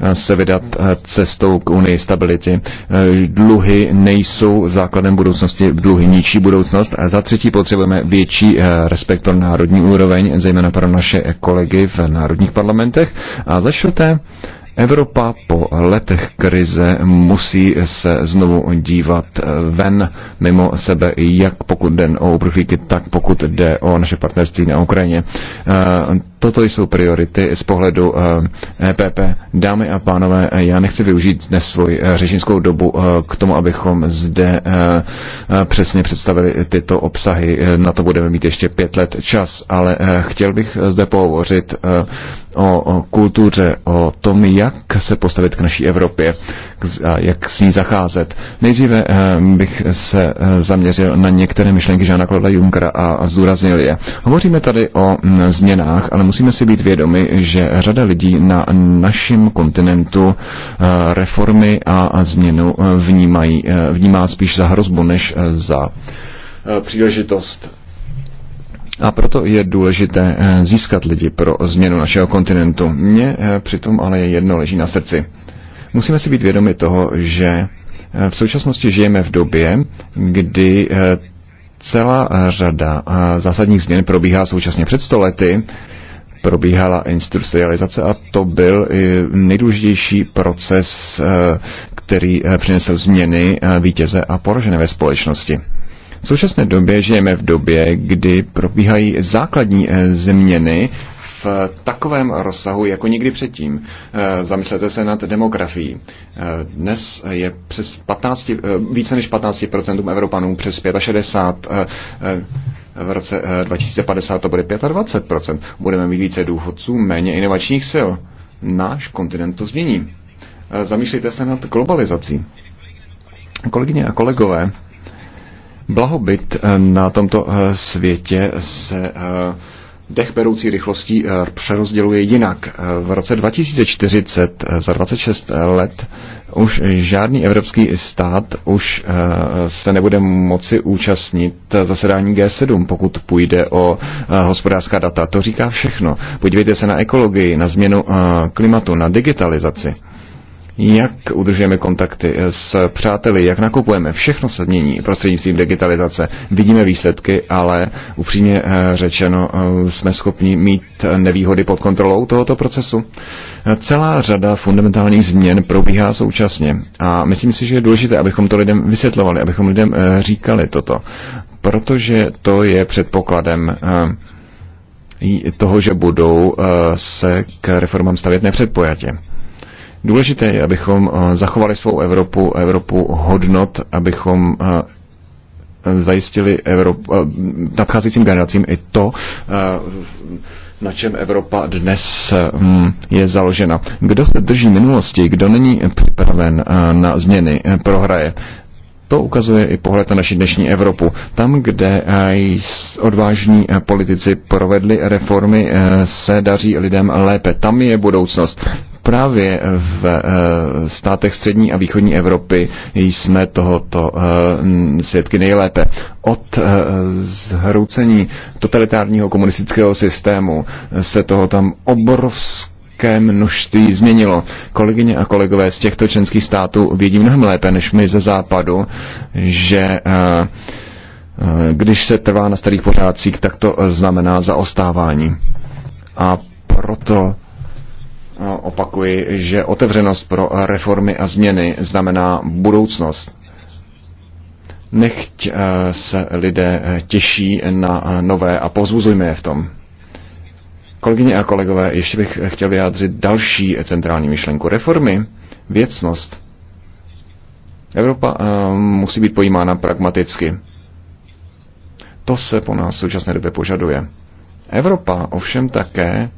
Eh, se vydat eh, cestou k unii stability. Eh, dluhy nejsou základem budoucnosti, dluhy ničí budoucnost. A za třetí potřebujeme větší respekt pro národní úroveň, zejména pro naše kolegy v národních parlamentech. A za čtvrté, Evropa po letech krize musí se znovu dívat ven mimo sebe, jak pokud jde o uprchlíky, tak pokud jde o naše partnerství na Ukrajině. Toto jsou priority z pohledu EPP. Eh, e Dámy a pánové, eh, já nechci využít dnes svoji eh, řečnickou dobu k tomu, abychom zde přesně představili tyto obsahy. Na to budeme mít ještě pět let čas, ale chtěl bych zde pohovořit o kultuře, o tom, jak se postavit k naší Evropě jak s ní zacházet. Nejdříve bych se zaměřil na některé myšlenky Žána Klada Junkera a zdůraznil je. Hovoříme tady o mm, změnách, ale musíme si být vědomi, že řada lidí na našem kontinentu eh, reformy a změnu eh, vnímají, eh, vnímá spíš za hrozbu než za příležitost. A proto je důležité získat lidi pro změnu našeho kontinentu. Mně přitom ale je jedno leží na srdci. Musíme si být vědomi toho, že v současnosti žijeme v době, kdy celá řada zásadních změn probíhá současně před stolety. lety probíhala industrializace a to byl eh, nejdůležitější proces, eh, který eh, přinesl změny vítěze a poražené ve společnosti. V současné době žijeme v době, kdy probíhají základní změny v takovém rozsahu jako nikdy předtím. Zamyslete se nad demografií. Dnes je přes 15, více než 15% Evropanů přes 65 v roce 2050 eh, to bude 25%. Budeme mít více důchodců, méně inovačních sil. Náš kontinent to změní. Eh, zamýšlejte se nad globalizací. Kolegyně a kolegové, blahobyt eh, na tomto světě se dech beroucí rychlostí eh, přerozděluje jinak. Eh, v roce 2040 eh, za 26 let už žádný evropský stát už se nebude moci účastnit zasedání G7, pokud půjde o hospodářská data. To říká všechno. Podívejte se na ekologii, na změnu klimatu, na digitalizaci jak udržujeme kontakty s přáteli, jak nakupujeme, všechno se mění prostřednictvím digitalizace. Vidíme výsledky, ale upřímně eh, řečeno eh, jsme schopni mít nevýhody pod kontrolou tohoto procesu. Celá řada fundamentálních změn probíhá současně a myslím si, že je důležité, abychom to lidem vysvětlovali, abychom lidem eh, říkali toto, protože to je předpokladem toho, že budou se k reformám stavět nepředpojatě. Důležité je, abychom eh, zachovali svou Evropu, Evropu hodnot, abychom eh, zajistili Evropu, eh, nadcházejícím generacím i to, na čem Evropa dnes hm, je založena. Kdo se drží minulosti, kdo není připraven na změny, prohraje. To ukazuje i pohled na naši dnešní Evropu. Tam, kde eh, odvážní eh, politici provedli reformy, eh, se daří lidem lépe. Tam je budoucnost právě v státech střední a východní Evropy jsme tohoto svědky nejlépe. Od zhroucení totalitárního komunistického systému se toho tam obrovské velké množství změnilo. Kolegyně a kolegové z těchto členských států vědí mnohem lépe než my ze západu, že eh, eh, když se trvá na starých pořádcích, tak to znamená zaostávání. A proto eh, opakuji, že otevřenost pro reformy a změny znamená budoucnost. Nechť se lidé těší na nové a pozvuzujme je v tom. Kolegyně a kolegové, ještě bych chtěl vyjádřit další centrální myšlenku reformy, věcnost. Evropa eh, musí být pojímána pragmaticky. To se po nás v současné době požaduje. Evropa ovšem také eh,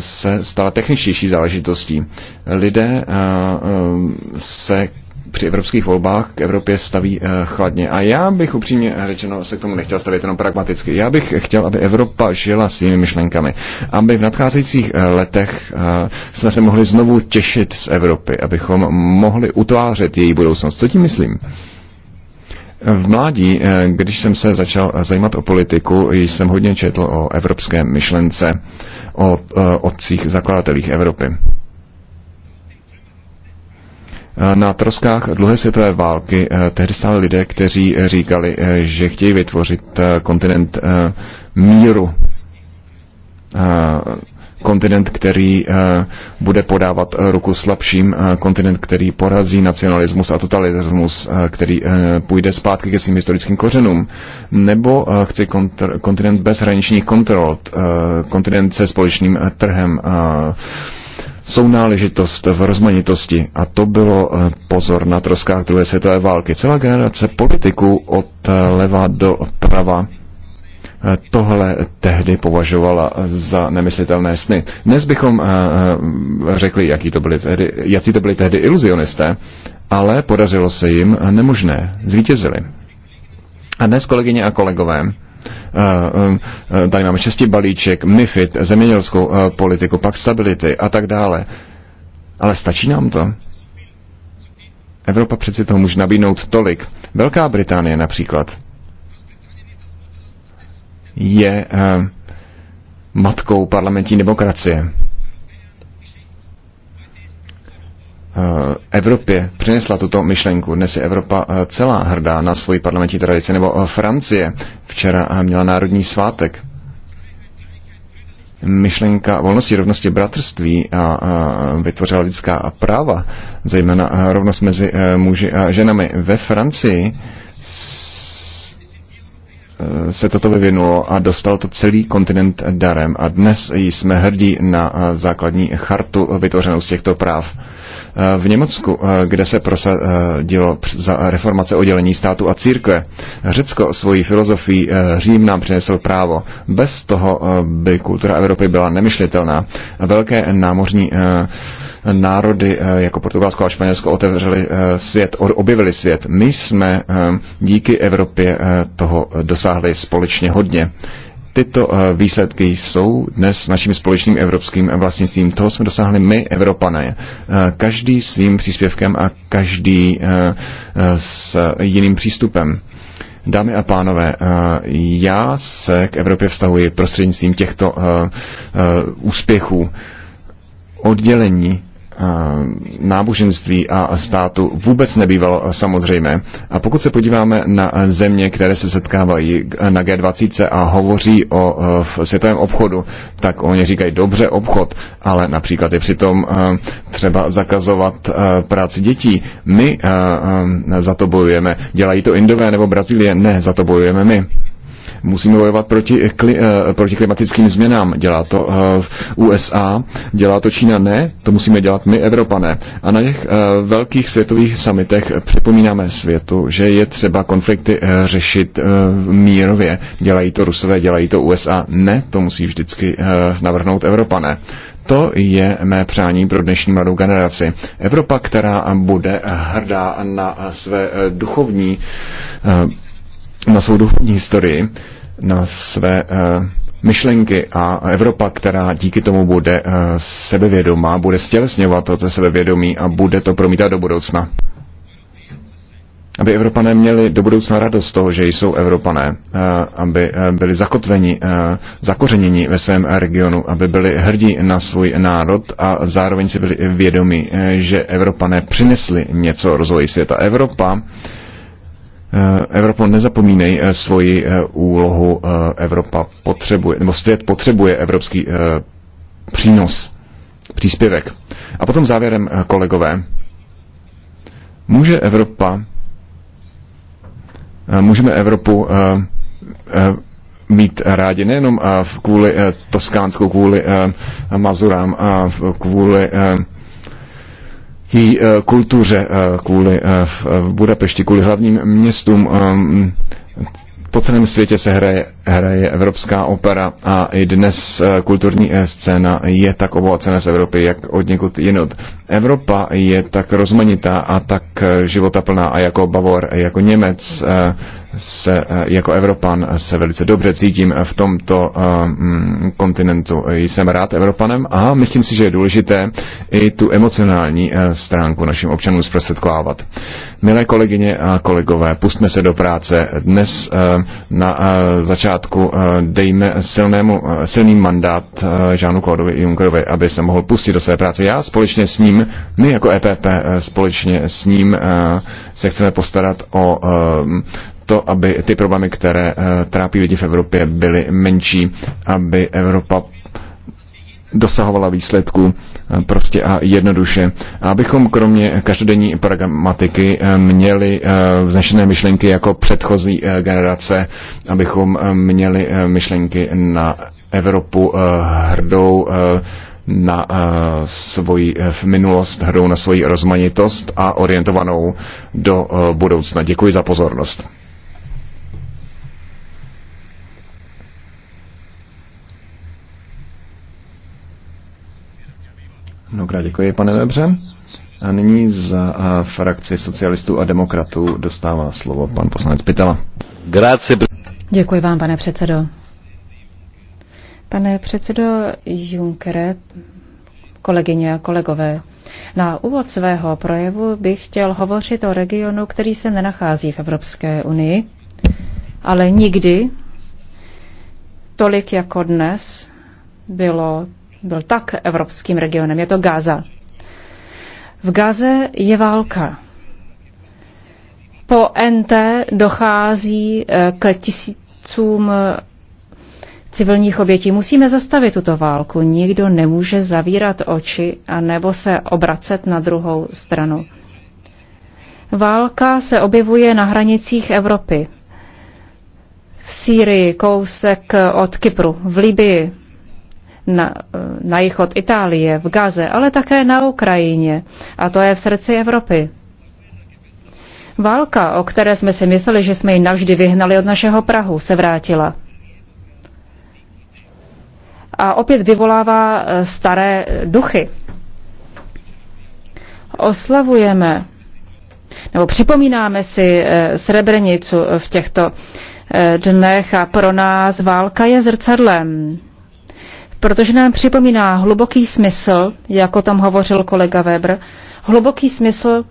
se stala techničtější záležitostí. Lidé eh, se při evropských volbách k Evropě staví eh, chladně. A já bych upřímně řečeno se k tomu nechtěl stavět jenom pragmaticky. Já bych chtěl, aby Evropa žila svými myšlenkami, aby v nadcházejících eh, letech eh, jsme se mohli znovu těšit z Evropy, abychom mohli utvářet její budoucnost. Co tím myslím? V mládí, když jsem se začal zajímat o politiku, jsem hodně četl o evropské myšlence, o otcích zakladatelích Evropy. Eh, na troskách druhé světové války eh, tehdy stály lidé, kteří eh, říkali, že chtějí vytvořit kontinent míru. Kontinent, který bude podávat ruku slabším, kontinent, který porazí nacionalismus a totalitarismus, který půjde zpátky ke svým historickým kořenům. Nebo chci kontinent bez hraničních kontrol, kontinent se společným trhem jsou náležitost v rozmanitosti. A to bylo eh, pozor na troskách druhé světové války. Celá generace politiků od eh, leva do prava eh, tohle tehdy považovala za nemyslitelné sny. Dnes bychom řekli, jaký to byli tehdy, jaký to byli tehdy iluzionisté, ale podařilo se jim nemožné. Zvítězili. A dnes, kolegyně a kolegové, Eh, eh, eh, tady máme šestý balíček, MIFID, zemědělskou politiku, pak stability a tak dále. Ale stačí nám to? Evropa přeci toho může nabídnout tolik. Velká Británie například je matkou parlamentní demokracie. Eh, Evropě přinesla tuto myšlenku. Dnes je Evropa eh, celá hrdá na svoji parlamentní tradici, nebo eh, Francie včera měla národní svátek. Myšlenka volnosti, rovnosti, bratrství a, vytvořila lidská práva, zejména rovnost mezi muži a ženami. Ve Francii se toto vyvinulo a dostalo to celý kontinent darem. A dnes jsme hrdí na základní chartu vytvořenou z těchto práv Eh, v Německu, eh, kde se prosadilo za reformace oddělení státu a církve. Řecko svojí filozofií eh, Řím nám přinesl právo. Bez toho by kultura Evropy byla nemyslitelná. Velké námořní národy jako Portugalsko a Španělsko otevřeli svět, objevili svět. My jsme díky Evropě toho dosáhli společně hodně tyto eh, výsledky jsou dnes naším společným evropským vlastnictvím. Toho jsme dosáhli my, Evropané. Eh, každý svým příspěvkem a každý eh, s jiným přístupem. Dámy a pánové, já se k Evropě vztahuji prostřednictvím těchto úspěchů. Oddělení Eh, náboženství a státu vůbec nebývalo eh, samozřejmé. A pokud se podíváme na eh, země, které se setkávají na G20 a hovoří o světovém obchodu, tak oni říkají dobře obchod, ale například je přitom třeba zakazovat práci dětí. My za to bojujeme. Dělají to Indové nebo Brazílie? Ne, za to bojujeme my. Musíme bojovat proti, kli, eh, proti klimatickým změnám. Dělá to eh, USA, dělá to Čína ne, to musíme dělat my, Evropané. A na těch eh, velkých světových samitech připomínáme světu, že je třeba konflikty řešit mírově. Dělají to Rusové, dělají to USA. Ne, to musí vždycky navrhnout Evropané. To je mé přání pro dnešní mladou generaci. Evropa, která bude hrdá na své duchovní na svou duchovní historii, na své uh, myšlenky a Evropa, která díky tomu bude uh, sebevědomá, bude stělesňovat to sebevědomí a bude to promítat do budoucna. Aby Evropané měli do budoucna radost z toho, že jsou Evropané, uh, aby uh, byli zakotveni, uh, zakořeněni ve svém regionu, aby byli hrdí na svůj národ a zároveň si byli vědomi, že Evropané přinesli něco rozvoji světa. Evropa uh, Eh, Evropo, nezapomínej eh, svoji eh, úlohu. Evropa potřebuje, nebo svět potřebuje evropský přínos, příspěvek. A potom závěrem, kolegové, může Evropa, můžeme Evropu mít rádi nejenom kvůli Toskánsku, kvůli Mazurám, kvůli její eh, kultuře eh, kvůli eh, v Budapešti, kvůli hlavním městům ehm, po celém světě se hraje hraje Evropská opera a i dnes eh, kulturní eh, scéna je tak obohacena z Evropy, jak od někud jinot. Evropa je tak rozmanitá a tak eh, životaplná a jako Bavor, jako Němec, se, jako Evropan se velice dobře cítím v tomto mm, kontinentu. Jsem rád Evropanem a myslím si, že je důležité i tu emocionální stránku našim občanům zprostředkovávat. Milé kolegyně a kolegové, pustme se do práce. Dnes na začátku začátku eh, dejme silnému, eh, silný mandát Žánu eh, Klodovi Junkerovi, aby se mohl pustit do své práce. Já společně s ním, my jako EPP společně s ním se chceme postarat o to, aby ty problémy, které trápí lidi v Evropě, byly menší, aby Evropa dosahovala výsledků Eh, prostě a jednoduše. Abychom kromě každodenní pragmatiky eh, měli eh, vznešené myšlenky jako předchozí generace, abychom měli myšlenky na Evropu hrdou na svoji minulost, hrdou na svoji rozmanitost a orientovanou do budoucna. Děkuji za pozornost. Mnohokrát děkuji, pane Webře. A nyní za a frakci socialistů a demokratů dostává slovo pan poslanec Pitala. Děkuji vám, pane předsedo. Pane předsedo Junckere, kolegyně a kolegové, na úvod svého projevu bych chtěl hovořit o regionu, který se nenachází v Evropské unii, ale nikdy tolik jako dnes bylo byl tak evropským regionem. Je to Gaza. V Gaze je válka. Po NT dochází eh, k tisícům eh, civilních obětí. Musíme zastavit tuto válku. Nikdo nemůže zavírat oči a nebo se obracet na druhou stranu. Válka se objevuje na hranicích Evropy. V Sýrii kousek od Kypru, v Libii, na, na jich od Itálie, v Gaze, ale také na Ukrajině. A to je v srdci Evropy. Válka, o které jsme si mysleli, že jsme ji navždy vyhnali od našeho Prahu, se vrátila. A opět vyvolává eh, staré duchy. Oslavujeme nebo připomínáme si eh, Srebrenicu v těchto eh, dnech a pro nás válka je zrcadlem protože nám připomíná hluboký smysl, jako tam hovořil kolega Weber, hluboký smysl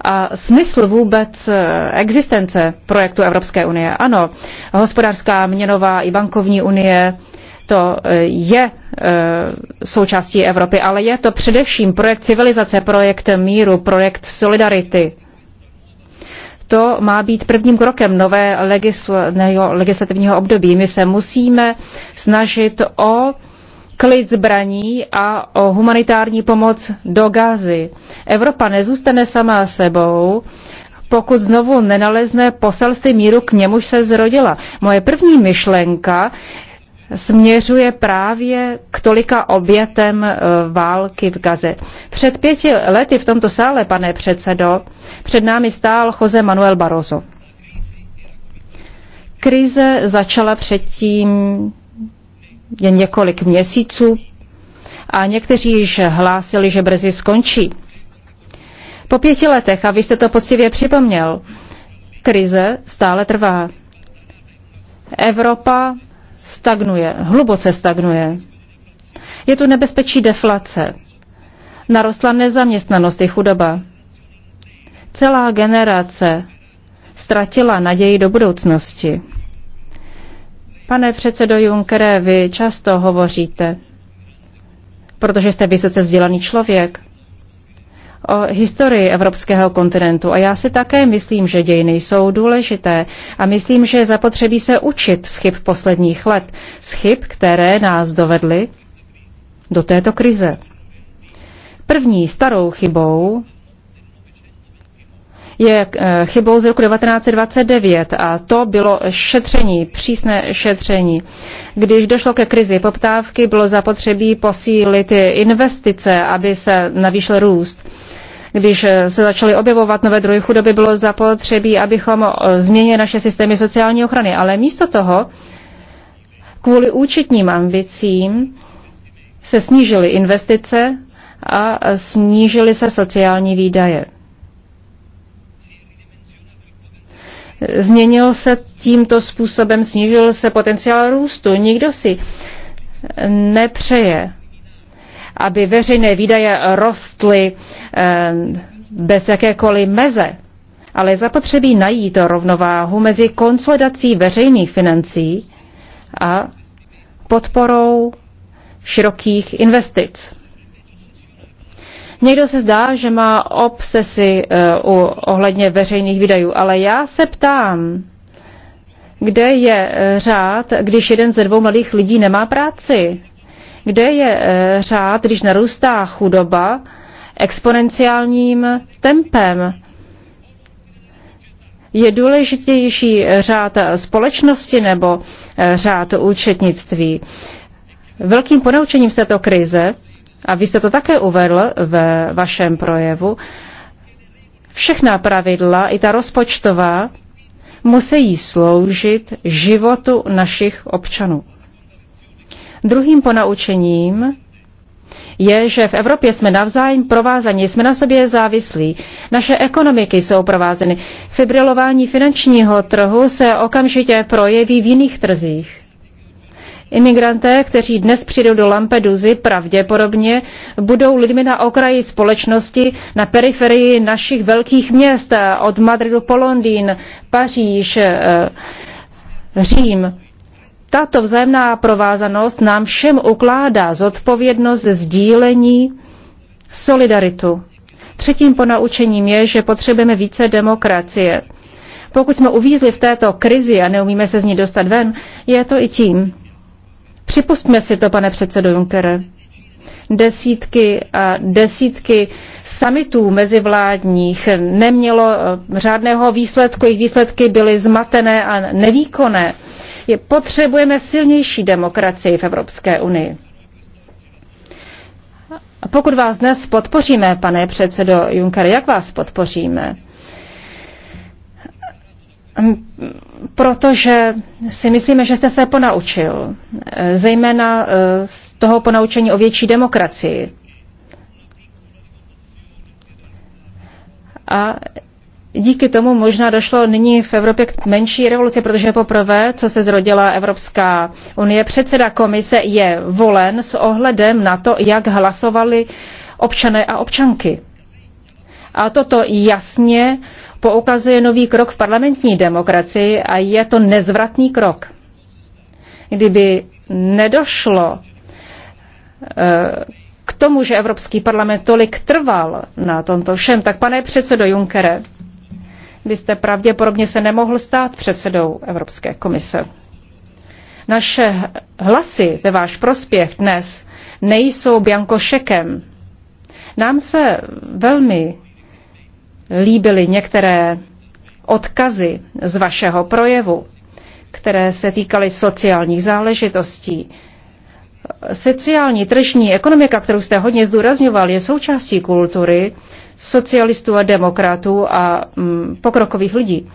a smysl vůbec eh, existence projektu Evropské unie. Ano, hospodářská, měnová i bankovní unie, to eh, je eh, součástí Evropy, ale je to především projekt civilizace, projekt míru, projekt solidarity to má být prvním krokem nové legislativního období. My se musíme snažit o klid zbraní a o humanitární pomoc do Gázy. Evropa nezůstane sama sebou, pokud znovu nenalezne poselství míru, k němuž se zrodila. Moje první myšlenka směřuje právě k tolika obětem eh, války v Gaze. Před pěti lety v tomto sále, pane předsedo, před námi stál Jose Manuel Barroso. Krize začala předtím jen několik měsíců a někteří již hlásili, že brzy skončí. Po pěti letech, a vy jste to poctivě připomněl, krize stále trvá. Evropa stagnuje, hluboce stagnuje. Je tu nebezpečí deflace. Narostla nezaměstnanost i chudoba. Celá generace ztratila naději do budoucnosti. Pane předsedo Junckere, vy často hovoříte, protože jste vysoce vzdělaný člověk o historii evropského kontinentu. A já si také myslím, že dějiny jsou důležité a myslím, že zapotřebí se učit z chyb posledních let, z chyb, které nás dovedly do této krize. První starou chybou je eh, chybou z roku 1929 a to bylo šetření, přísné šetření. Když došlo ke krizi poptávky, bylo zapotřebí posílit investice, aby se navýšil růst když eh, se začaly objevovat nové druhy chudoby, bylo zapotřebí, abychom eh, změnili naše systémy sociální ochrany. Ale místo toho, kvůli účetním ambicím, se snížily investice a snížily se sociální výdaje. Změnil se tímto způsobem, snížil se potenciál růstu. Nikdo si nepřeje aby veřejné výdaje rostly eh, bez jakékoliv meze. Ale je zapotřebí najít rovnováhu mezi konsolidací veřejných financí a podporou širokých investic. Někdo se zdá, že má obsesy uh, ohledně veřejných výdajů, ale já se ptám, kde je eh, řád, když jeden ze dvou mladých lidí nemá práci? Kde je eh, řád, když narůstá chudoba exponenciálním tempem? Je důležitější řád společnosti nebo eh, řád účetnictví? Velkým ponaučením z této krize, a vy jste to také uvedl ve vašem projevu, všechna pravidla, i ta rozpočtová, musí sloužit životu našich občanů. Druhým ponaučením je, že v Evropě jsme navzájem provázaní, jsme na sobě závislí. Naše ekonomiky jsou provázeny. Fibrilování finančního trhu se okamžitě projeví v jiných trzích. Imigranté, kteří dnes přijdou do Lampeduzy, pravděpodobně budou lidmi na okraji společnosti, na periferii našich velkých měst, od Madridu po Londýn, Paříž, eh, Řím. Tato vzájemná provázanost nám všem ukládá zodpovědnost sdílení solidaritu. Třetím ponaučením je, že potřebujeme více demokracie. Pokud jsme uvízli v této krizi a neumíme se z ní dostat ven, je to i tím. Připustme si to, pane předsedo Junkere. Desítky a desítky samitů mezivládních nemělo eh, řádného výsledku, jejich výsledky byly zmatené a nevýkonné. Je potřebujeme silnější demokracii v Evropské unii. A pokud vás dnes podpoříme, pane předsedo Juncker, jak vás podpoříme? Protože si myslíme, že jste se ponaučil, zejména eh, z toho ponaučení o větší demokracii. A díky tomu možná došlo nyní v Evropě k menší revoluci, protože poprvé, co se zrodila Evropská unie, předseda komise je volen s ohledem na to, jak hlasovali občané a občanky. A toto jasně poukazuje nový krok v parlamentní demokracii a je to nezvratný krok. Kdyby nedošlo eh, k tomu, že Evropský parlament tolik trval na tomto všem, tak pane předsedo Junkere, byste pravděpodobně se nemohl stát předsedou Evropské komise. Naše hlasy ve váš prospěch dnes nejsou biankošekem. Nám se velmi líbily některé odkazy z vašeho projevu, které se týkaly sociálních záležitostí. Sociální tržní ekonomika, kterou jste hodně zdůrazňoval, je součástí kultury, socialistů a demokratů a mm, pokrokových lidí.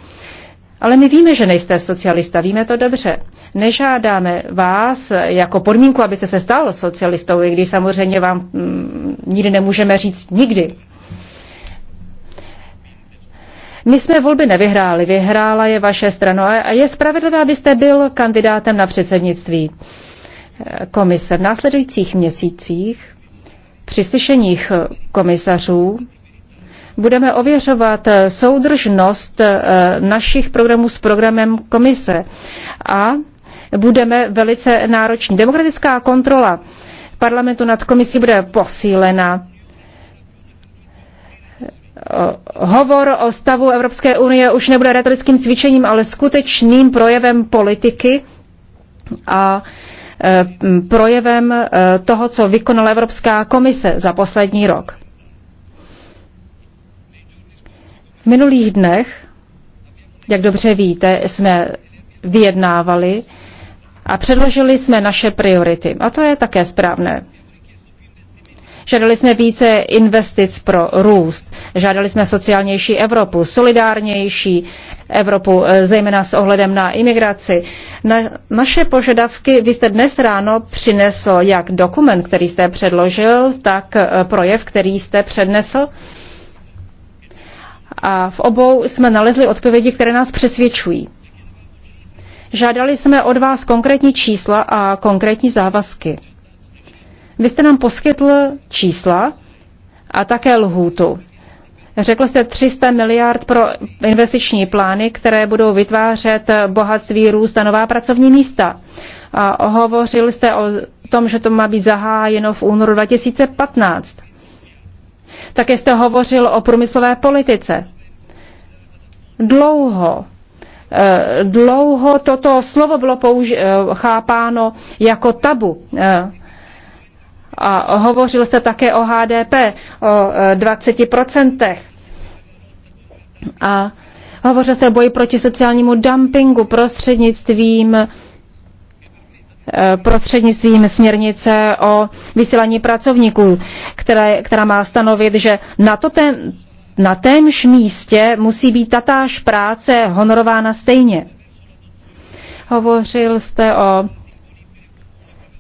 Ale my víme, že nejste socialista, víme to dobře. Nežádáme vás jako podmínku, abyste se stal socialistou, i když samozřejmě vám mm, nikdy nemůžeme říct nikdy. My jsme volby nevyhráli, vyhrála je vaše strana a je spravedlivé, abyste byl kandidátem na předsednictví komise. V následujících měsících při slyšeních komisařů budeme ověřovat eh, soudržnost eh, našich programů s programem komise a budeme velice nároční. Demokratická kontrola parlamentu nad komisí bude posílena eh, hovor o stavu Evropské unie už nebude retorickým cvičením, ale skutečným projevem politiky a projevem toho, co vykonala Evropská komise za poslední rok. V minulých dnech, jak dobře víte, jsme vyjednávali a předložili jsme naše priority. A to je také správné. Žádali jsme více investic pro růst, žádali jsme sociálnější Evropu, solidárnější Evropu, eh, zejména s ohledem na imigraci. Na, naše požadavky vy jste dnes ráno přinesl jak dokument, který jste předložil, tak eh, projev, který jste přednesl. A v obou jsme nalezli odpovědi, které nás přesvědčují. Žádali jsme od vás konkrétní čísla a konkrétní závazky. Vy jste nám poskytl čísla a také lhůtu. Řekl jste 300 miliard pro investiční plány, které budou vytvářet bohatství, růst a nová pracovní místa. A hovořil jste o tom, že to má být zahájeno v únoru 2015. Také jste hovořil o průmyslové politice dlouho eh, dlouho toto slovo bylo použi- eh, chápáno jako tabu. Eh, a hovořil se také o HDP, o 20%. A hovořil se o boji proti sociálnímu dumpingu prostřednictvím prostřednictvím směrnice o vysílání pracovníků, které, která má stanovit, že na to ten, na témž místě musí být tatáž práce honorována stejně. Hovořil jste o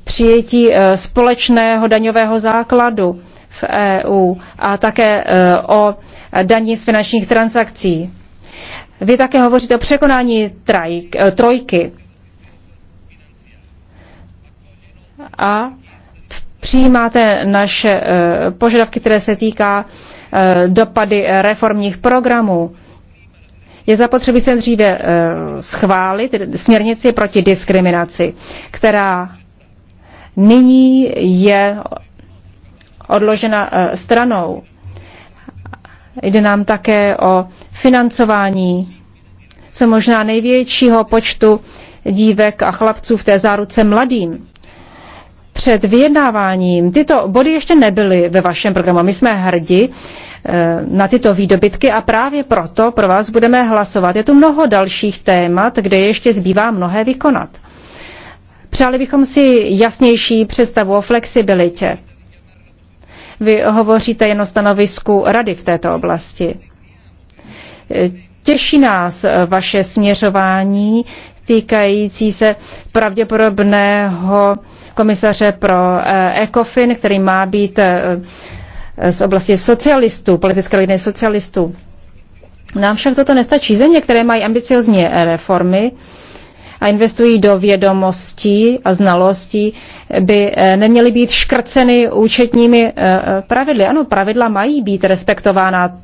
přijetí e, společného daňového základu v EU a také e, o daní z finančních transakcí. Vy také hovoříte o překonání trajk, e, trojky a přijímáte naše požadavky, které se týká Eh, dopady reformních programů. Je zapotřebí se dříve eh, schválit směrnici proti diskriminaci, která nyní je odložena eh, stranou. Jde nám také o financování co možná největšího počtu dívek a chlapců v té záruce mladým před vyjednáváním. Tyto body ještě nebyly ve vašem programu. My jsme hrdi eh, na tyto výdobytky a právě proto pro vás budeme hlasovat. Je tu mnoho dalších témat, kde ještě zbývá mnohé vykonat. Přáli bychom si jasnější představu o flexibilitě. Vy hovoříte jen o stanovisku rady v této oblasti. Těší nás vaše směřování týkající se pravděpodobného komisaře pro eh, ECOFIN, který má být eh, z oblasti socialistů, politické lidé socialistů. Nám však toto nestačí. Země, které mají ambiciozní reformy a investují do vědomostí a znalostí, by eh, neměly být škrceny účetními pravidly. Ano, pravidla mají být respektována,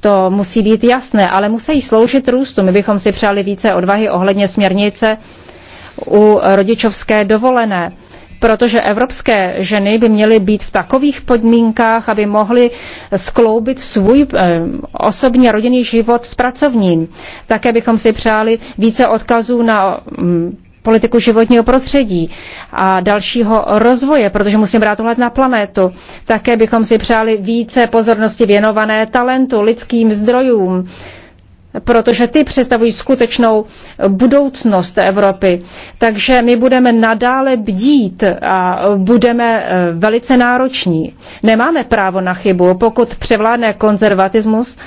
to musí být jasné, ale musí sloužit růstu. My bychom si přáli více odvahy ohledně směrnice u rodičovské dovolené protože evropské ženy by měly být v takových podmínkách, aby mohly skloubit svůj eh, osobní a rodinný život s pracovním. Také bychom si přáli více odkazů na mm, politiku životního prostředí a dalšího rozvoje, protože musím brát ohled na planetu. Také bychom si přáli více pozornosti věnované talentu, lidským zdrojům, protože ty představují skutečnou budoucnost Evropy. Takže my budeme nadále bdít a budeme eh, velice nároční. Nemáme právo na chybu, pokud převládne konzervatismus,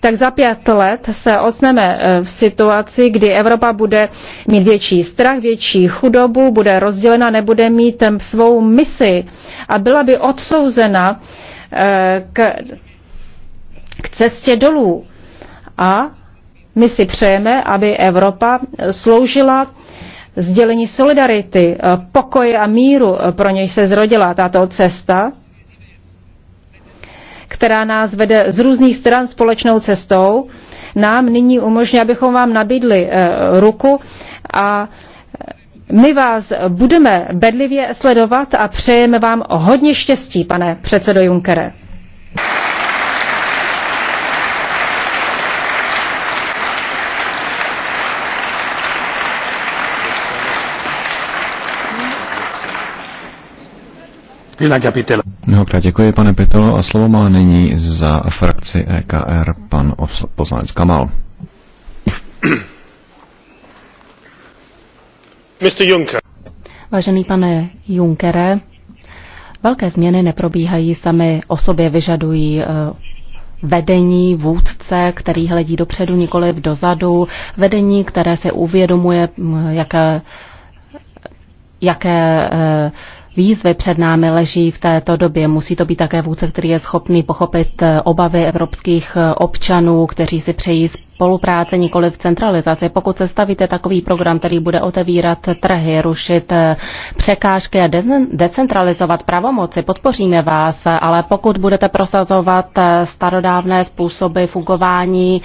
tak za pět let se ocneme eh, v situaci, kdy Evropa bude mít větší strach, větší chudobu, bude rozdělena, nebude mít eh, svou misi a byla by odsouzena k, k cestě dolů. A my si přejeme, aby Evropa sloužila sdělení solidarity, eh, pokoje a míru, eh, pro něj se zrodila tato cesta, která nás vede z různých stran společnou cestou, nám nyní umožňuje, abychom vám nabídli eh, ruku a my vás budeme bedlivě sledovat a přejeme vám hodně štěstí, pane předsedo Junkere. Mnohokrát děkuji, pane Pitelo. A slovo má nyní za frakci EKR pan poslanec Kamal. <clears throat> Mr. Juncker. Vážený pane Junckere, velké změny neprobíhají sami o sobě, vyžadují eh, vedení, vůdce, který hledí dopředu, nikoliv dozadu, vedení, které se uvědomuje, jaké, jaké eh, výzvy před námi leží v této době. Musí to být také vůdce, který je schopný pochopit eh, obavy evropských eh, občanů, kteří si přejí spolupráce, nikoli v centralizaci. Pokud se stavíte takový program, který bude otevírat trhy, rušit eh, překážky a de- decentralizovat pravomoci, podpoříme vás, ale pokud budete prosazovat starodávné způsoby fungování,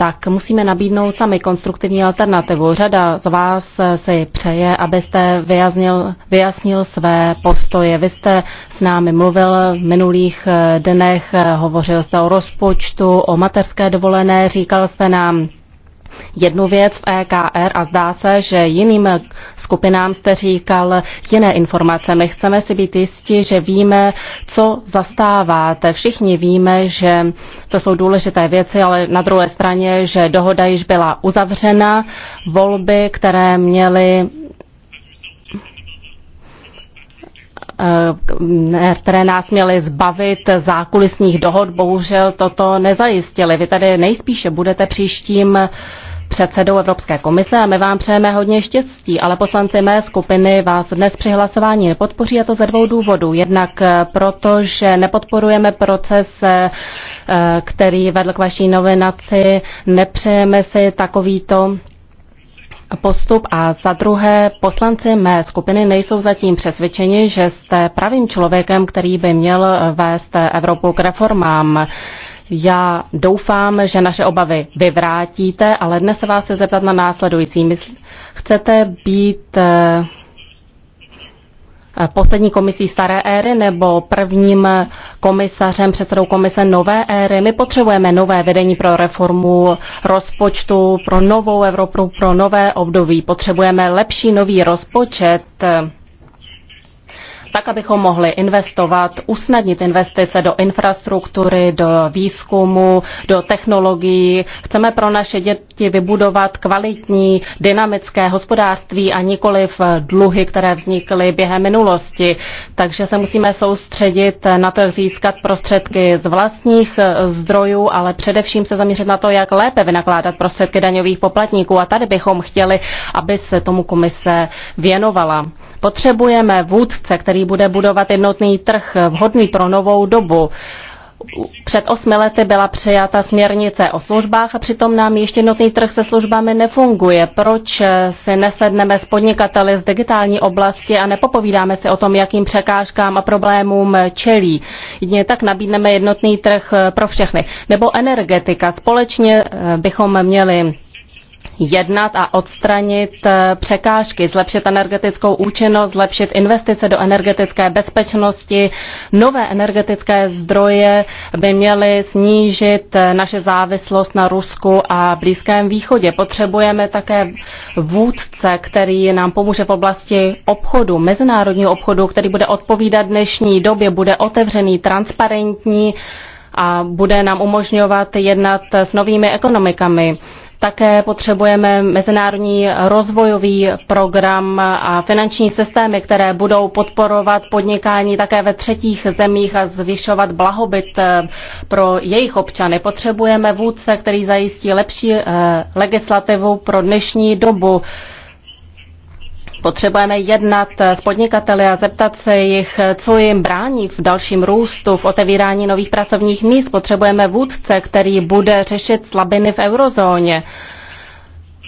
tak musíme nabídnout sami konstruktivní alternativu. Řada z vás si přeje, abyste vyjasnil, vyjasnil své postoje. Vy jste s námi mluvil v minulých eh, dnech, eh, hovořil jste o rozpočtu, o materské dovolené, říkal jste nám, jednu věc v EKR a zdá se, že jiným skupinám jste říkal jiné informace. My chceme si být jistí, že víme, co zastáváte. Všichni víme, že to jsou důležité věci, ale na druhé straně, že dohoda již byla uzavřena, volby, které měly eh, které nás měly zbavit zákulisních dohod, bohužel toto nezajistili. Vy tady nejspíše budete příštím uh, předsedou Evropské komise a my vám přejeme hodně štěstí, ale poslanci mé skupiny vás dnes při hlasování nepodpoří a to ze dvou důvodů. Jednak eh, proto, že nepodporujeme proces, eh, eh, který vedl k vaší novinaci, nepřejeme si takovýto postup a za druhé, poslanci mé skupiny nejsou zatím přesvědčeni, že jste pravým člověkem, který by měl vést Evropu k reformám. Já doufám, že naše obavy vyvrátíte, ale dnes se vás chci zeptat na následující. Mysl- chcete být eh, eh, poslední komisí staré éry nebo prvním komisařem, předsedou komise nové éry. My potřebujeme nové vedení pro reformu rozpočtu, pro novou Evropu, pro nové období. Potřebujeme lepší nový rozpočet tak abychom mohli investovat, usnadnit investice do infrastruktury, do výzkumu, do technologií. Chceme pro naše děti vybudovat kvalitní, dynamické hospodářství a nikoli v dluhy, které vznikly během minulosti. Takže se musíme soustředit na to, jak získat prostředky z vlastních zdrojů, ale především se zaměřit na to, jak lépe vynakládat prostředky daňových poplatníků. A tady bychom chtěli, aby se tomu komise věnovala. Potřebujeme vůdce, který který bude budovat jednotný trh vhodný pro novou dobu. Před osmi lety byla přijata směrnice o službách a přitom nám ještě jednotný trh se službami nefunguje. Proč si nesedneme s podnikateli z digitální oblasti a nepopovídáme si o tom, jakým překážkám a problémům čelí? Jedině tak nabídneme jednotný trh pro všechny. Nebo energetika. Společně eh, bychom měli jednat a odstranit eh, překážky, zlepšit energetickou účinnost, zlepšit investice do energetické bezpečnosti. Nové energetické zdroje by měly snížit eh, naše závislost na Rusku a Blízkém východě. Potřebujeme také vůdce, který nám pomůže v oblasti obchodu, mezinárodního obchodu, který bude odpovídat dnešní době, bude otevřený, transparentní a bude nám umožňovat jednat s novými ekonomikami. Také potřebujeme mezinárodní rozvojový program a finanční systémy, které budou podporovat podnikání také ve třetích zemích a zvyšovat blahobyt eh, pro jejich občany. Potřebujeme vůdce, který zajistí lepší eh, legislativu pro dnešní dobu. Potřebujeme jednat s podnikateli a zeptat se jich, co jim brání v dalším růstu, v otevírání nových pracovních míst. Potřebujeme vůdce, který bude řešit slabiny v eurozóně.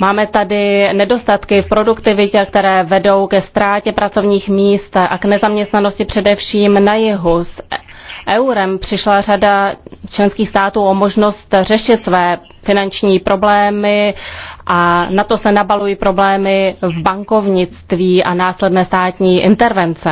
Máme tady nedostatky v produktivitě, které vedou ke ztrátě pracovních míst a k nezaměstnanosti především na jihu. S eurem přišla řada členských států o možnost řešit své finanční problémy, a na to se nabalují problémy v bankovnictví a následné státní intervence.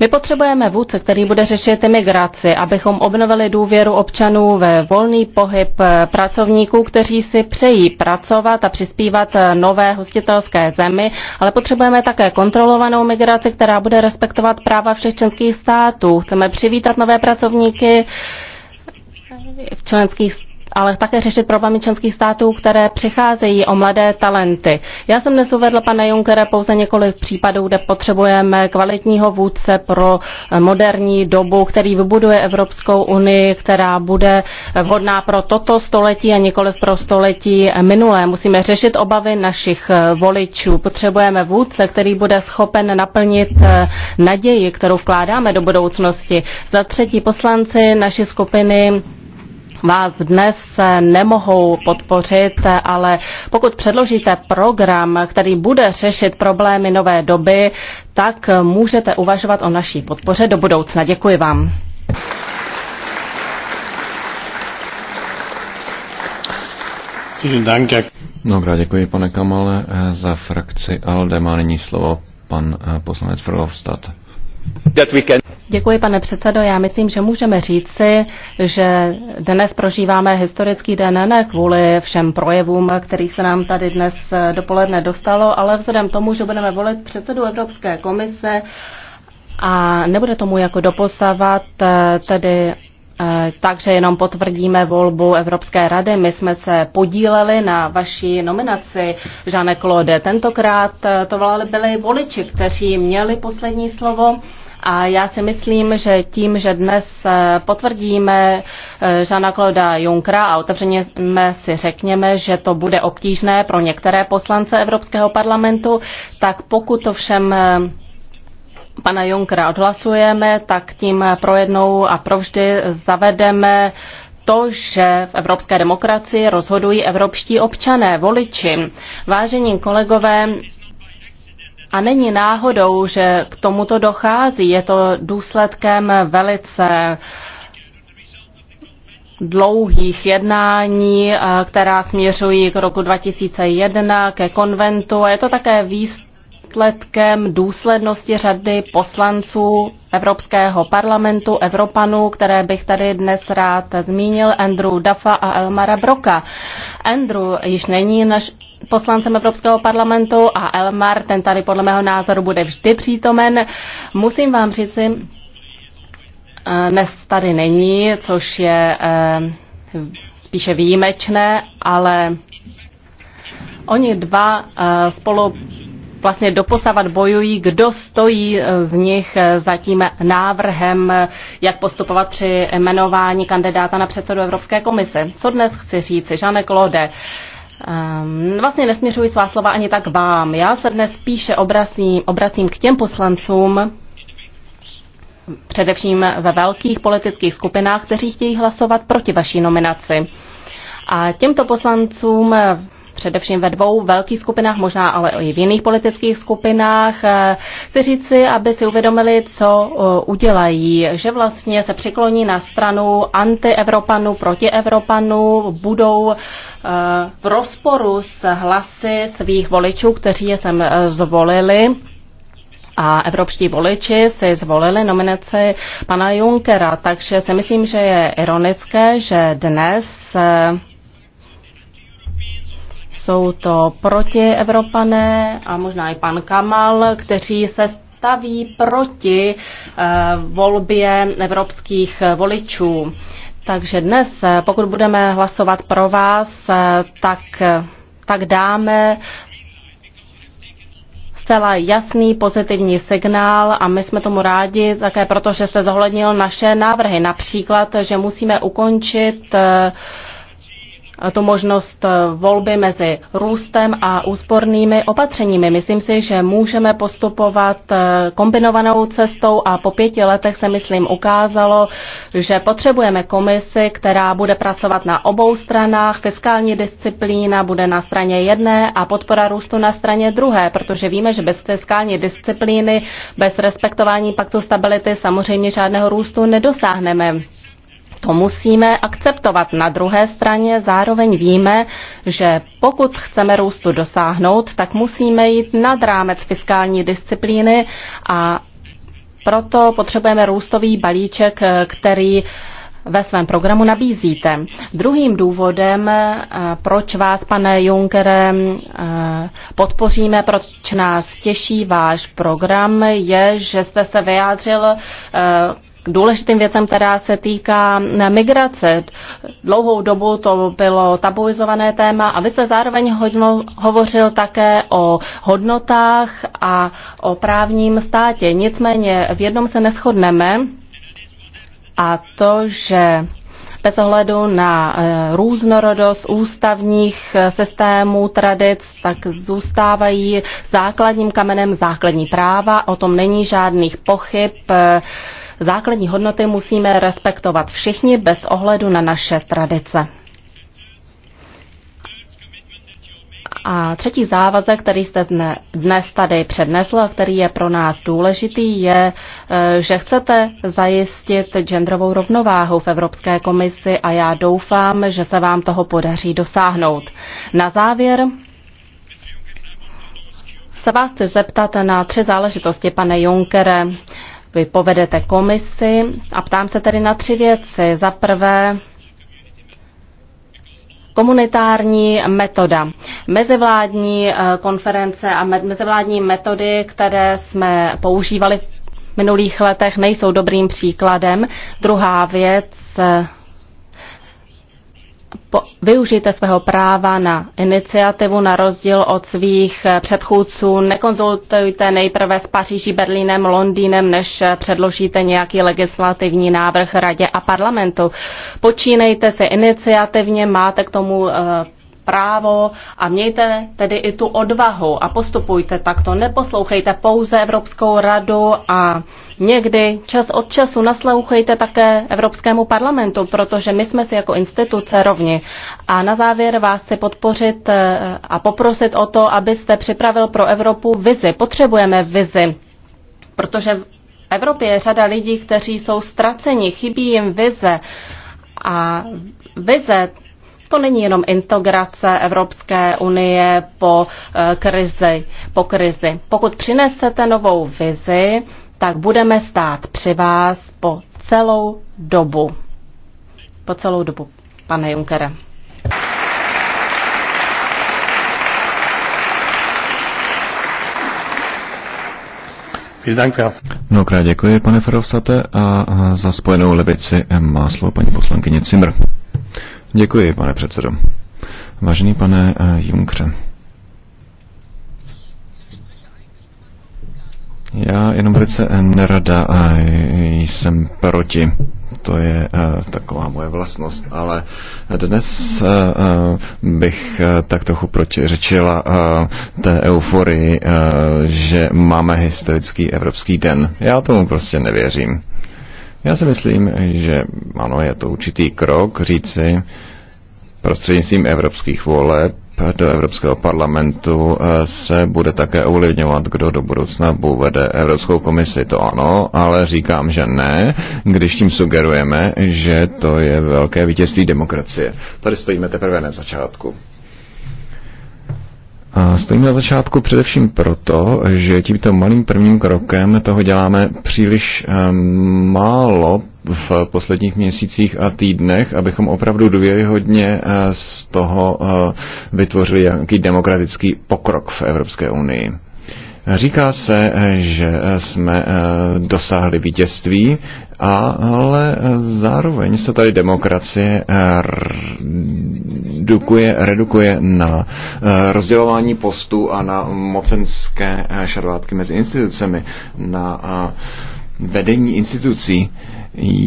My potřebujeme vůdce, který bude řešit imigraci, abychom obnovili důvěru občanů ve volný pohyb pracovníků, kteří si přejí pracovat a přispívat nové hostitelské zemi, ale potřebujeme také kontrolovanou migraci, která bude respektovat práva všech členských států. Chceme přivítat nové pracovníky v členských ale také řešit problémy členských států, které přicházejí o mladé talenty. Já jsem dnes uvedl, pana Junckera pouze několik případů, kde potřebujeme kvalitního vůdce pro eh, moderní dobu, který vybuduje Evropskou unii, která bude eh, vhodná pro toto století a nikoli pro století minulé. Musíme řešit obavy našich eh, voličů. Potřebujeme vůdce, který bude schopen naplnit naději, kterou vkládáme do budoucnosti. Za třetí poslanci naší skupiny vás dnes eh, nemohou podpořit, eh, ale pokud předložíte program, který bude řešit problémy nové doby, tak eh, můžete uvažovat o naší podpoře do budoucna. Děkuji vám. Dobrá, děkuji pane Kamale. Za frakci ALDE má nyní slovo pan poslanec Frlovstad. Děkuji, pane předsedo. Já myslím, že můžeme říci, že dnes prožíváme historický den ne kvůli všem projevům, kterých se nám tady dnes eh, dopoledne dostalo, ale vzhledem tomu, že budeme volit předsedu Evropské komise a nebude tomu jako doposavat, eh, tedy Eh, takže jenom potvrdíme volbu Evropské rady. My jsme se podíleli na vaší nominaci, Žane Claude. Tentokrát eh, to byli voliči, kteří měli poslední slovo. A já si myslím, že tím, že dnes eh, potvrdíme Žana Klauda Junkra a otevřeně si řekněme, že to bude obtížné pro některé poslance Evropského parlamentu, tak pokud to všem pana Junkera odhlasujeme, tak tím pro jednou a provždy zavedeme to, že v evropské demokracii rozhodují evropští občané, voliči. Vážení kolegové, a není náhodou, že k tomuto dochází. Je to důsledkem velice dlouhých jednání, která směřují k roku 2001, ke konventu. A je to také výstup výsledkem důslednosti řady poslanců Evropského parlamentu, Evropanů, které bych tady dnes rád zmínil, Andrew Dafa a Elmara Broka. Andrew již není naš, poslancem Evropského parlamentu a Elmar, ten tady podle mého názoru bude vždy přítomen. Musím vám říci, eh, dnes tady není, což je eh, spíše výjimečné, ale oni dva eh, spolu vlastně doposavat bojují, kdo stojí z eh, nich eh, za tím návrhem, eh, jak postupovat při jmenování kandidáta na předsedu Evropské komise. Co dnes chci říct Žane Klode? Ehm, vlastně nesměřuji svá slova ani tak vám. Já se dnes spíše obracím, obracím k těm poslancům, především ve velkých politických skupinách, kteří chtějí hlasovat proti vaší nominaci. A těmto poslancům především ve dvou velkých skupinách, možná ale i v jiných politických skupinách. Eh, chci říci, aby si uvědomili, co eh, udělají, že vlastně se přikloní na stranu antievropanů, protievropanů, budou eh, v rozporu s hlasy svých voličů, kteří je sem zvolili. A evropští voliči si zvolili nominaci pana Junkera, takže si myslím, že je ironické, že dnes jsou to protievropané a možná i pan Kamal, kteří se staví proti eh, volbě evropských voličů. Takže dnes, eh, pokud budeme hlasovat pro vás, eh, tak, tak dáme zcela jasný pozitivní signál a my jsme tomu rádi také proto, že se zohlednil naše návrhy. Například, že musíme ukončit uh, tu možnost eh, volby mezi růstem a úspornými opatřeními. Myslím si, že můžeme postupovat eh, kombinovanou cestou a po pěti letech se, myslím, ukázalo, že potřebujeme komisi, která bude pracovat na obou stranách. Fiskální disciplína bude na straně jedné a podpora růstu na straně druhé, protože víme, že bez fiskální disciplíny, bez respektování paktu stability samozřejmě žádného růstu nedosáhneme. To musíme akceptovat. Na druhé straně zároveň víme, že pokud chceme růstu dosáhnout, tak musíme jít nad rámec fiskální disciplíny a proto potřebujeme růstový balíček, který ve svém programu nabízíte. Druhým důvodem, eh, proč vás, pane Junckere, eh, podpoříme, proč nás těší váš program, je, že jste se vyjádřil eh, k důležitým věcem, která se týká eh, migrace. Dlouhou dobu to bylo tabuizované téma a vy jste zároveň hodno, hovořil také o hodnotách a o právním státě. Nicméně v jednom se neschodneme a to, že bez ohledu na eh, různorodost ústavních eh, systémů, tradic, tak zůstávají základním kamenem základní práva. O tom není žádných pochyb základní hodnoty musíme respektovat všichni bez ohledu na naše tradice. A třetí závazek, který jste dnes tady přednesl a který je pro nás důležitý, je, e, že chcete zajistit genderovou rovnováhu v Evropské komisi a já doufám, že se vám toho podaří dosáhnout. Na závěr se vás chci zeptat na tři záležitosti, pane Junkere. Vy povedete komisi a ptám se tedy na tři věci. Za prvé, komunitární metoda. Mezivládní eh, konference a mezivládní metody, které jsme používali v minulých letech, nejsou dobrým příkladem. Druhá věc, eh, po, využijte svého práva na iniciativu na rozdíl od svých eh, předchůdců. Nekonzultujte nejprve s Paříží, Berlínem, Londýnem, než eh, předložíte nějaký legislativní návrh radě a parlamentu. Počínejte se iniciativně, máte k tomu eh, právo a mějte tedy i tu odvahu a postupujte takto. Neposlouchejte pouze Evropskou radu a někdy čas od času naslouchejte také Evropskému parlamentu, protože my jsme si jako instituce rovni. A na závěr vás chci podpořit eh, a poprosit o to, abyste připravil pro Evropu vizi. Potřebujeme vizi, protože v Evropě je řada lidí, kteří jsou ztraceni, chybí jim vize. A vize to není jenom integrace Evropské unie po eh, krizi. Po krizi. Pokud přinesete novou vizi, tak budeme stát při vás po celou dobu. Po celou dobu, pane Junkere. Mnohokrát děkuji, pane Ferovsate, a za spojenou levici má slovo paní poslankyně Cimr. Děkuji, pane předsedo. Vážený pane eh, Junkře, já jenom velice eh, nerada a eh, jsem proti to je taková moje vlastnost, ale dnes bych tak trochu protiřečila té euforii, že máme historický Evropský den. Já tomu prostě nevěřím. Já si myslím, že ano, je to určitý krok říci prostřednictvím evropských voleb do Evropského parlamentu eh, se bude také ovlivňovat, kdo do budoucna bude Evropskou komisi. To ano, ale říkám, že ne, když tím sugerujeme, že to je velké vítězství demokracie. Tady stojíme teprve na začátku. A stojíme na začátku především proto, že tímto malým prvním krokem toho děláme příliš eh, málo v posledních měsících a týdnech, abychom opravdu důvěryhodně eh, z toho eh, vytvořili nějaký demokratický pokrok v Evropské unii. Říká se, že jsme eh, dosáhli vítězství, ale zároveň se tady demokracie eh, redukuje, redukuje na eh, rozdělování postů a na mocenské šarvátky mezi institucemi, na vedení institucí.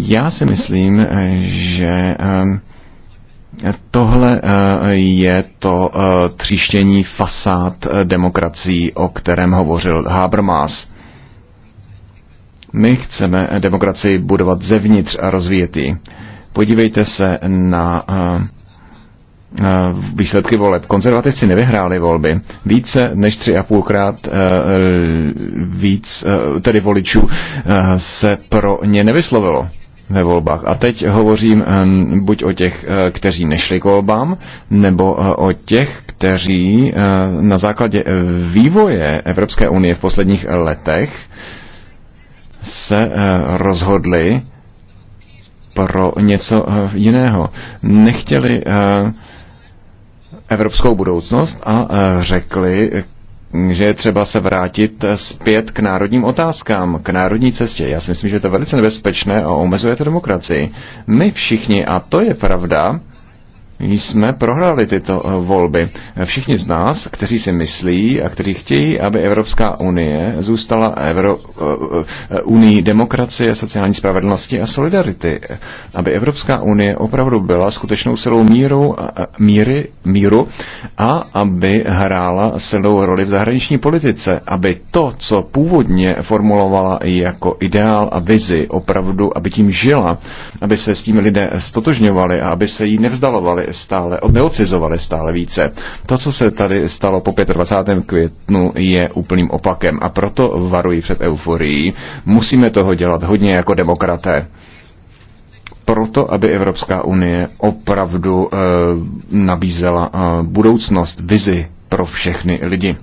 Já si myslím, že Tohle eh, je to eh, tříštění fasád eh, demokracií, o kterém hovořil Habermas. My chceme demokracii budovat zevnitř a rozvíjet ji. Podívejte se na výsledky voleb. Konzervativci nevyhráli volby. Více než tři a půlkrát víc, tedy voličů, se pro ně nevyslovilo ve volbách. A teď hovořím eh, buď o těch, eh, kteří nešli k volbám, nebo eh, o těch, kteří na základě vývoje Evropské unie v posledních letech se rozhodli pro něco jiného. Nechtěli evropskou budoucnost a řekli že je třeba se vrátit zpět k národním otázkám, k národní cestě. Já si myslím, že to je velice nebezpečné a omezuje to demokracii. My všichni, a to je pravda, jsme prohráli tyto eh, volby. Všichni z nás, kteří si myslí a kteří chtějí, aby Evropská unie zůstala Evro, eh, eh, unii demokracie, sociální spravedlnosti a solidarity, aby Evropská unie opravdu byla skutečnou silou míru, míry, míru a aby hrála silnou roli v zahraniční politice, aby to, co původně formulovala jako ideál a vizi, opravdu, aby tím žila, aby se s tím lidé stotožňovali a aby se jí nevzdalovali stále, neocizovali stále více. To, co se tady stalo po 25. květnu, je úplným opakem a proto varuji před euforií. Musíme toho dělat hodně jako demokraté proto, aby Evropská unie opravdu e, nabízela e, budoucnost, vizi pro všechny lidi.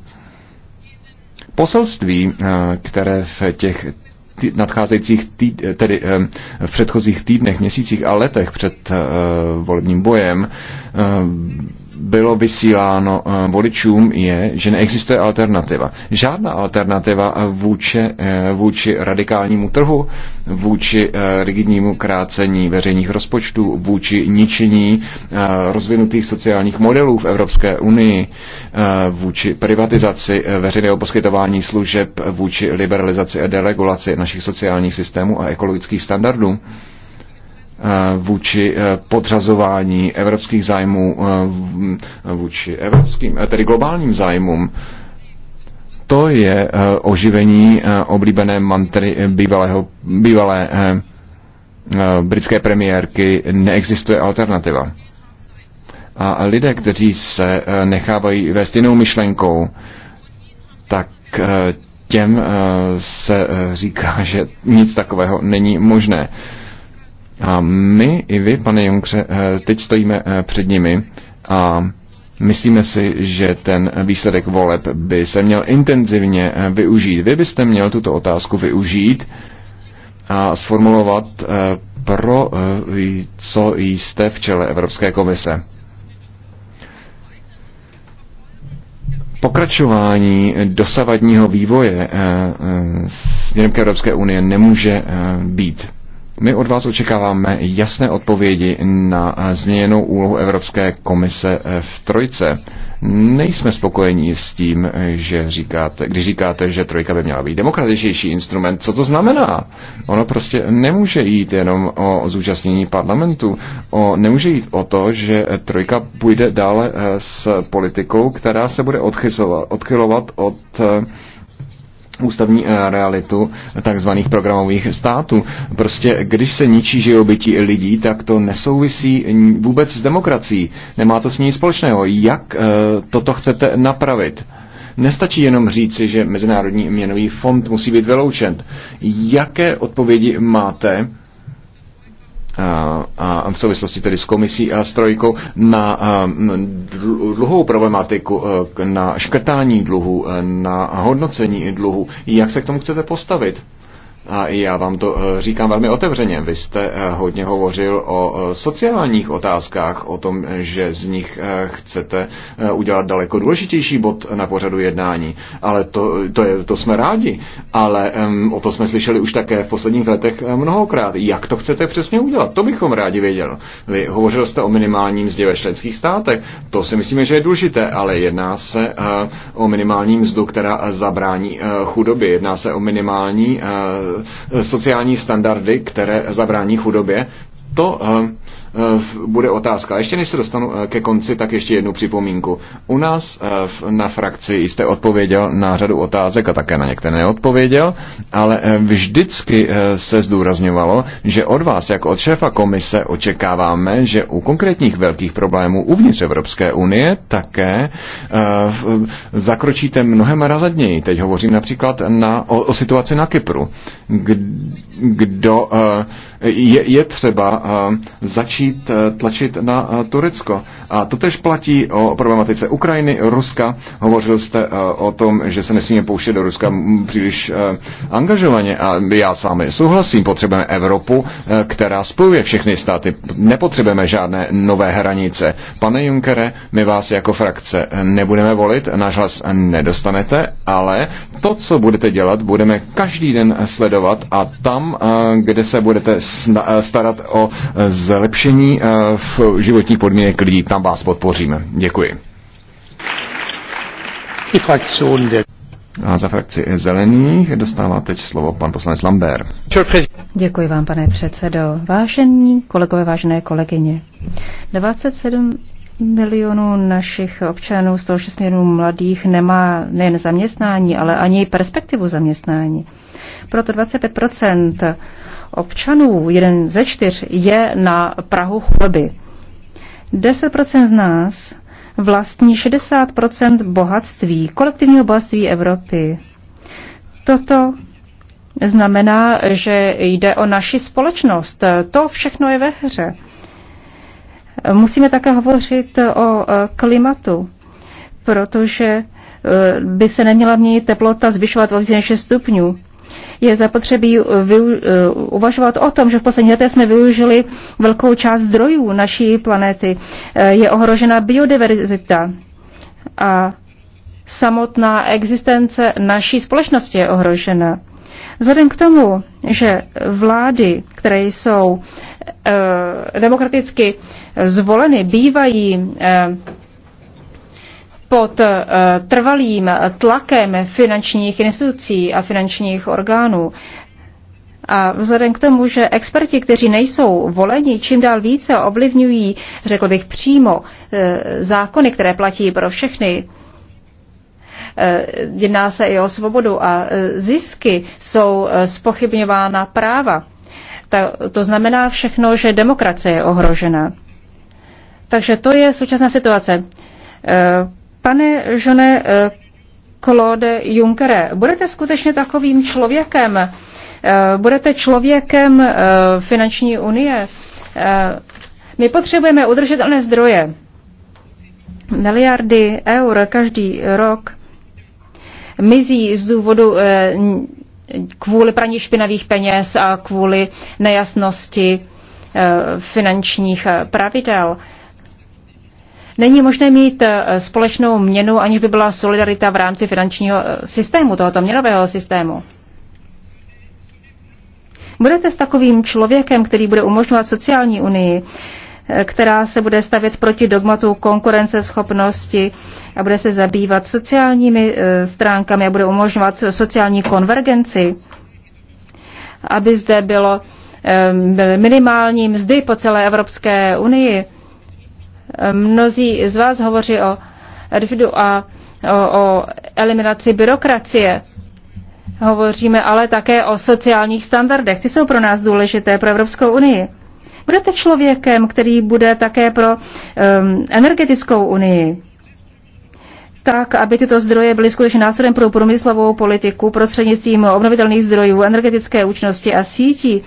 Poselství, e, které v těch nadcházejících týd, tedy v předchozích týdnech, měsících a letech před eh, volebním bojem bylo vysíláno eh, voličům, je, že neexistuje alternativa. Žádná alternativa eh, vůči, eh, vůči radikálnímu trhu, vůči rigidnímu krácení veřejných rozpočtů, vůči ničení rozvinutých sociálních modelů v Evropské unii, vůči privatizaci veřejného poskytování služeb, vůči liberalizaci a deregulaci našich sociálních systémů a ekologických standardů. Eh, vůči eh, podřazování evropských zájmů eh, vůči evropským, tedy globálním zájmům. To je oživení oblíbené mantry bývalého, bývalé britské premiérky neexistuje alternativa. A lidé, kteří se nechávají vést jinou myšlenkou, tak těm se říká, že nic takového není možné. A my i vy, pane Jonkře, eh, teď stojíme eh, před nimi a myslíme si, že ten výsledek voleb by se měl intenzivně eh, využít. Vy byste měl tuto otázku využít a sformulovat, pro co jste v čele Evropské komise. Pokračování dosavadního vývoje směrem k Evropské unie nemůže být. My od vás očekáváme jasné odpovědi na změněnou úlohu Evropské komise eh, v Trojce. Nejsme spokojeni s tím, že říkáte, když říkáte, že Trojka by měla být demokratičnější instrument. Co to znamená? Ono prostě nemůže jít jenom o zúčastnění parlamentu. O, nemůže jít o to, že Trojka půjde dále eh, s politikou, která se bude odchylovat od eh, ústavní eh, realitu takzvaných programových států. Prostě když se ničí živobytí lidí, tak to nesouvisí vůbec s demokracií. Nemá to s ní společného. Jak eh, toto chcete napravit? Nestačí jenom říci, že Mezinárodní měnový fond musí být vyloučen. Jaké odpovědi máte a v souvislosti tedy s komisí a strojkou na dluhou problematiku, e, na škrtání dluhu, e, na hodnocení dluhu. Jak se k tomu chcete postavit? A já vám to eh, říkám velmi otevřeně. Vy jste eh, hodně hovořil o eh, sociálních otázkách, o tom, že z nich chcete udělat daleko důležitější bod na pořadu jednání. Ale to, to, je, to jsme rádi. Ale o to jsme slyšeli už také v posledních letech mnohokrát. Jak to chcete přesně udělat? To bychom rádi věděl. Vy hovořil jste o minimálním mzdě ve členských státech. To si myslíme, že je důležité, ale jedná se o minimální mzdu, která zabrání chudobě. Jedná se o minimální Eh, sociální standardy, které zabrání chudobě, to eh, bude otázka. Ještě než se dostanu eh, ke konci, tak ještě jednu připomínku. U nás eh, na frakci jste odpověděl na řadu otázek a také na některé neodpověděl, ale eh, vždycky se zdůrazňovalo, že od vás, jako od šéfa komise, očekáváme, že u konkrétních velkých problémů uvnitř Evropské unie také zakročíte mnohem razadněji. Teď hovořím například na, o, o situaci na Kypru. Kdo je, je třeba začít začít eh, tlačit na eh, Turecko. A to tež platí o problematice Ukrajiny, Ruska. Hovořil jste eh, o tom, že se nesmíme pouštět do Ruska příliš angažovaně a já s vámi souhlasím. Potřebujeme Evropu, která spojuje všechny státy. Nepotřebujeme žádné nové hranice. Pane Junkere, my vás jako frakce nebudeme volit, náš hlas nedostanete, ale to, co budete dělat, budeme každý den sledovat a tam, kde se budete starat o zlepšení zlepšení eh, v životních podmínek lidí. Tam vás podpoříme. Děkuji. A za frakci zelených dostává teď slovo pan poslanec Lambert. Děkuji vám, pane předsedo. Vážení kolegové, vážené kolegyně. 27 milionů našich občanů, 106 milionů mladých nemá nejen zaměstnání, ale ani perspektivu zaměstnání. Proto 25 občanů, jeden ze čtyř, je na Prahu chudoby. 10% z nás vlastní 60% bohatství, kolektivního bohatství Evropy. Toto znamená, že jde o naši společnost. To všechno je ve hře. Musíme také hovořit o e, klimatu, protože e, by se neměla měnit teplota zvyšovat o více než 6 stupňů je zapotřebí eh, eh, uvažovat o tom, že v posledních letech jsme využili velkou část zdrojů naší planety. Eh, je ohrožena biodiverzita a samotná existence naší společnosti je ohrožena. Vzhledem k tomu, že vlády, které jsou e, demokraticky zvoleny, bývají e, pod eh, trvalým tlakem finančních institucí a finančních orgánů. A vzhledem k tomu, že experti, kteří nejsou voleni, čím dál více ovlivňují, řekl bych přímo, eh, zákony, které platí pro všechny, eh, jedná se i o svobodu a zisky jsou spochybňována práva. To znamená všechno, že demokracie je ohrožena. Takže to je současná situace Pane Žone eh, Claude Junckere, budete skutečně takovým člověkem? Eh, budete člověkem eh, finanční unie? My potřebujeme udržitelné zdroje. Miliardy eur každý rok mizí z důvodu kvůli praní špinavých peněz a kvůli nejasnosti finančních pravidel. Není možné mít eh, společnou měnu, aniž by byla solidarita v rámci finančního eh, systému, tohoto měnového systému. Budete s takovým člověkem, který bude umožňovat sociální unii, eh, která se bude stavět proti dogmatu konkurenceschopnosti a bude se zabývat sociálními stránkami a bude umožňovat sociální konvergenci, aby zde bylo minimální mzdy po celé Evropské unii Mnozí z vás hovoří o RFIDu a o, o eliminaci byrokracie. Hovoříme ale také o sociálních standardech. Ty jsou pro nás důležité, pro Evropskou unii. Budete člověkem, který bude také pro um, energetickou unii tak, aby tyto zdroje byly skutečně nástrojem pro průmyslovou politiku prostřednictvím obnovitelných zdrojů, energetické účinnosti a sítí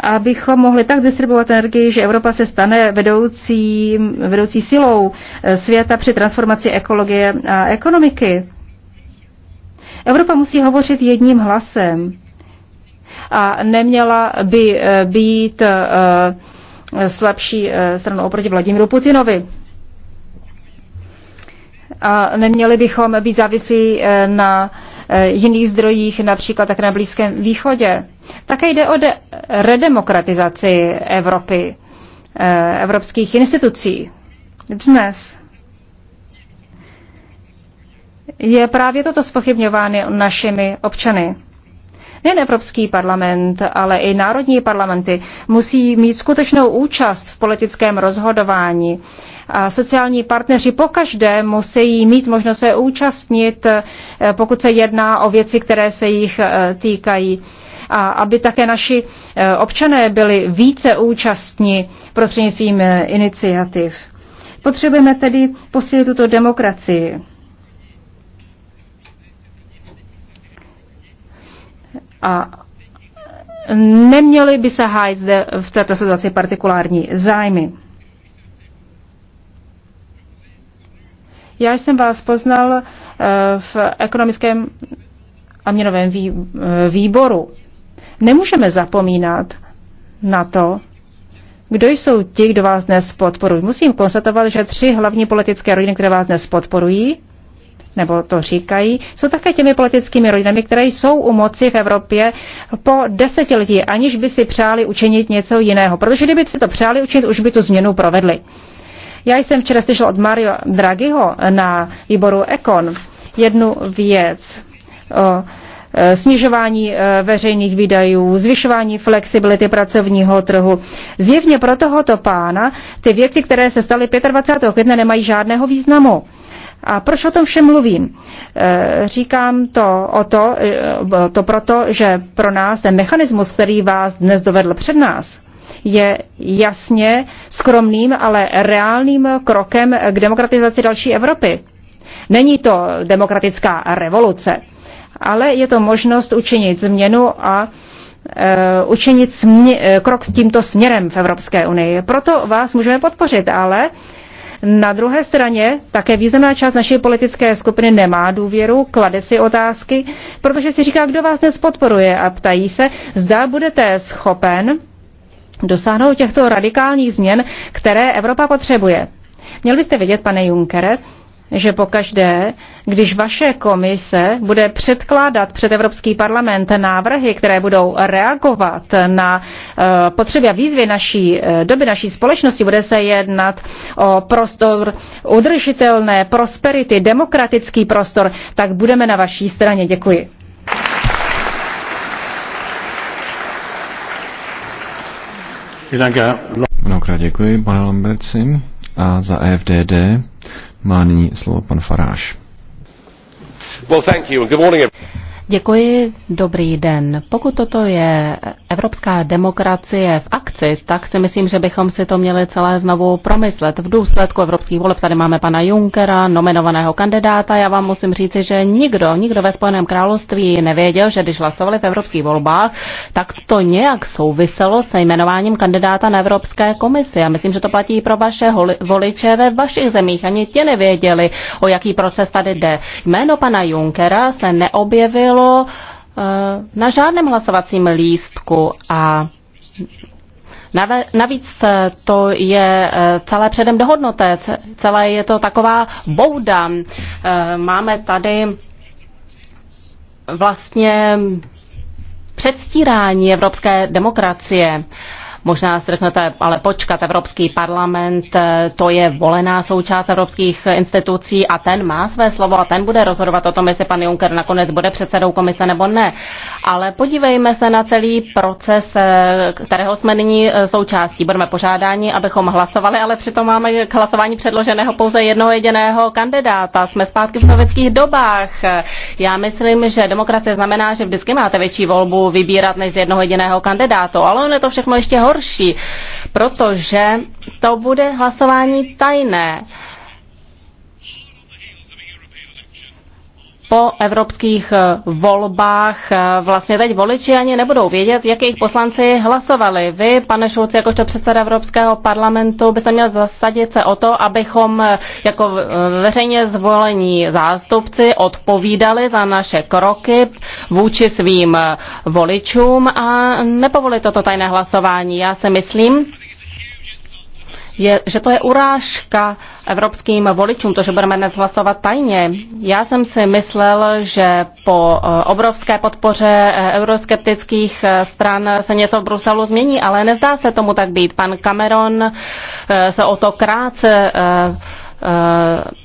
abychom mohli tak distribuovat energii, že Evropa se stane vedoucí, vedoucí silou eh, světa při transformaci ekologie a ekonomiky. Evropa musí hovořit jedním hlasem a neměla by eh, být eh, slabší stranou oproti Vladimíru Putinovi. A neměli bychom být závislí na Eh, jiných zdrojích, například také na Blízkém východě. Také jde o de- redemokratizaci Evropy, eh, evropských institucí. Dnes je právě toto spochybňováno našimi občany. Nejen Evropský parlament, ale i národní parlamenty musí mít skutečnou účast v politickém rozhodování a sociální partneři pokaždé musí mít možnost se účastnit, eh, pokud se jedná o věci, které se jich eh, týkají a aby také naši eh, občané byli více účastní prostřednictvím iniciativ. Potřebujeme tedy posílit tuto demokracii. A neměli by se hájit zde v této situaci partikulární zájmy. Já jsem vás poznal eh, v ekonomickém a měnovém eh, výboru. Nemůžeme zapomínat na to, kdo jsou ti, kdo vás dnes podporují. Musím konstatovat, že tři hlavní politické rodiny, které vás dnes podporují, nebo to říkají, jsou také těmi politickými rodinami, které jsou u moci v Evropě po desetiletí, aniž by si přáli učinit něco jiného. Protože kdyby si to přáli učinit, už by tu změnu provedli. Já jsem včera slyšel od Mario Draghiho na výboru Econ jednu věc o e, snižování e, veřejných výdajů, zvyšování flexibility pracovního trhu. Zjevně pro tohoto pána ty věci, které se staly 25. května, nemají žádného významu. A proč o tom všem mluvím? E, říkám to, o to, to proto, že pro nás ten mechanismus, který vás dnes dovedl před nás, je jasně skromným, ale reálným krokem k demokratizaci další Evropy. Není to demokratická revoluce, ale je to možnost učinit změnu a e, učinit smě- e, krok s tímto směrem v Evropské unii. Proto vás můžeme podpořit, ale na druhé straně také významná část naší politické skupiny nemá důvěru, klade si otázky, protože si říká, kdo vás dnes podporuje a ptají se, zda budete schopen dosáhnout těchto radikálních změn, které Evropa potřebuje. Měl byste vědět, pane Junckere, že pokaždé, když vaše komise bude předkládat před Evropský parlament návrhy, které budou reagovat na eh, potřeby a výzvy naší eh, doby, naší společnosti, bude se jednat o prostor udržitelné prosperity, demokratický prostor, tak budeme na vaší straně. Děkuji. Mnohokrát děkuji, pane Lamberci. A za EFDD má nyní slovo pan Faráš. Well, thank you and good morning. Děkuji, dobrý den. Pokud toto je evropská demokracie v akci, tak si myslím, že bychom si to měli celé znovu promyslet. V důsledku evropských voleb tady máme pana Junkera, nominovaného kandidáta. Já vám musím říci, že nikdo, nikdo ve Spojeném království nevěděl, že když hlasovali v evropských volbách, tak to nějak souviselo se jmenováním kandidáta na Evropské komisi. Já myslím, že to platí i pro vaše voliče ve vašich zemích. Ani ti nevěděli, o jaký proces tady jde. Jméno pana Junkera se neobjevil nebylo eh, na žádném hlasovacím lístku a Navíc eh, to je eh, celé předem dohodnuté, celé je to taková bouda. Máme tady vlastně předstírání evropské demokracie. Možná strhnete, ale počkat, Evropský parlament, eh, to je volená součást evropských institucí a ten má své slovo a ten bude rozhodovat o tom, jestli pan Juncker nakonec bude předsedou komise nebo ne. Ale podívejme se na celý proces, eh, kterého jsme nyní eh, součástí. Budeme požádáni, abychom hlasovali, ale přitom máme k hlasování předloženého pouze jednoho jediného kandidáta. Jsme zpátky v sovětských dobách. Já myslím, že demokracie znamená, že vždycky máte větší volbu vybírat než z jednoho jediného kandidátu, ale ono je to všechno ještě horší horší, protože to bude hlasování tajné. po evropských eh, volbách eh, vlastně teď voliči ani nebudou vědět, jak jejich poslanci hlasovali. Vy, pane Šulci, jakožto předseda Evropského parlamentu, byste měl zasadit se o to, abychom eh, jako veřejně zvolení zástupci odpovídali za naše kroky vůči svým voličům a nepovolit toto tajné hlasování. Já si myslím, je, že to je urážka evropským voličům, to, že budeme dnes hlasovat tajně. Já jsem si myslel, že po eh, obrovské podpoře eh, euroskeptických eh, stran se něco v Bruselu změní, ale nezdá se tomu tak být. Pan Cameron se o to krátce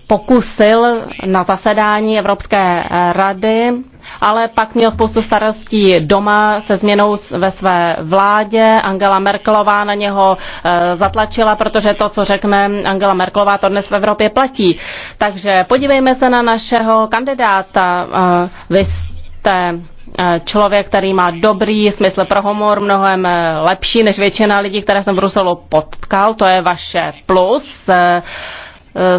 pokusil na zasedání Evropské rady ale pak měl spoustu starostí doma se změnou ve své vládě. Angela Merkelová na něho eh, zatlačila, protože to, co řekne Angela Merkelová, to dnes v Evropě platí. Takže podívejme se na našeho kandidáta. Eh, vy jste eh, člověk, který má dobrý smysl pro humor, mnohem lepší než většina lidí, které jsem v Bruselu potkal, to je vaše plus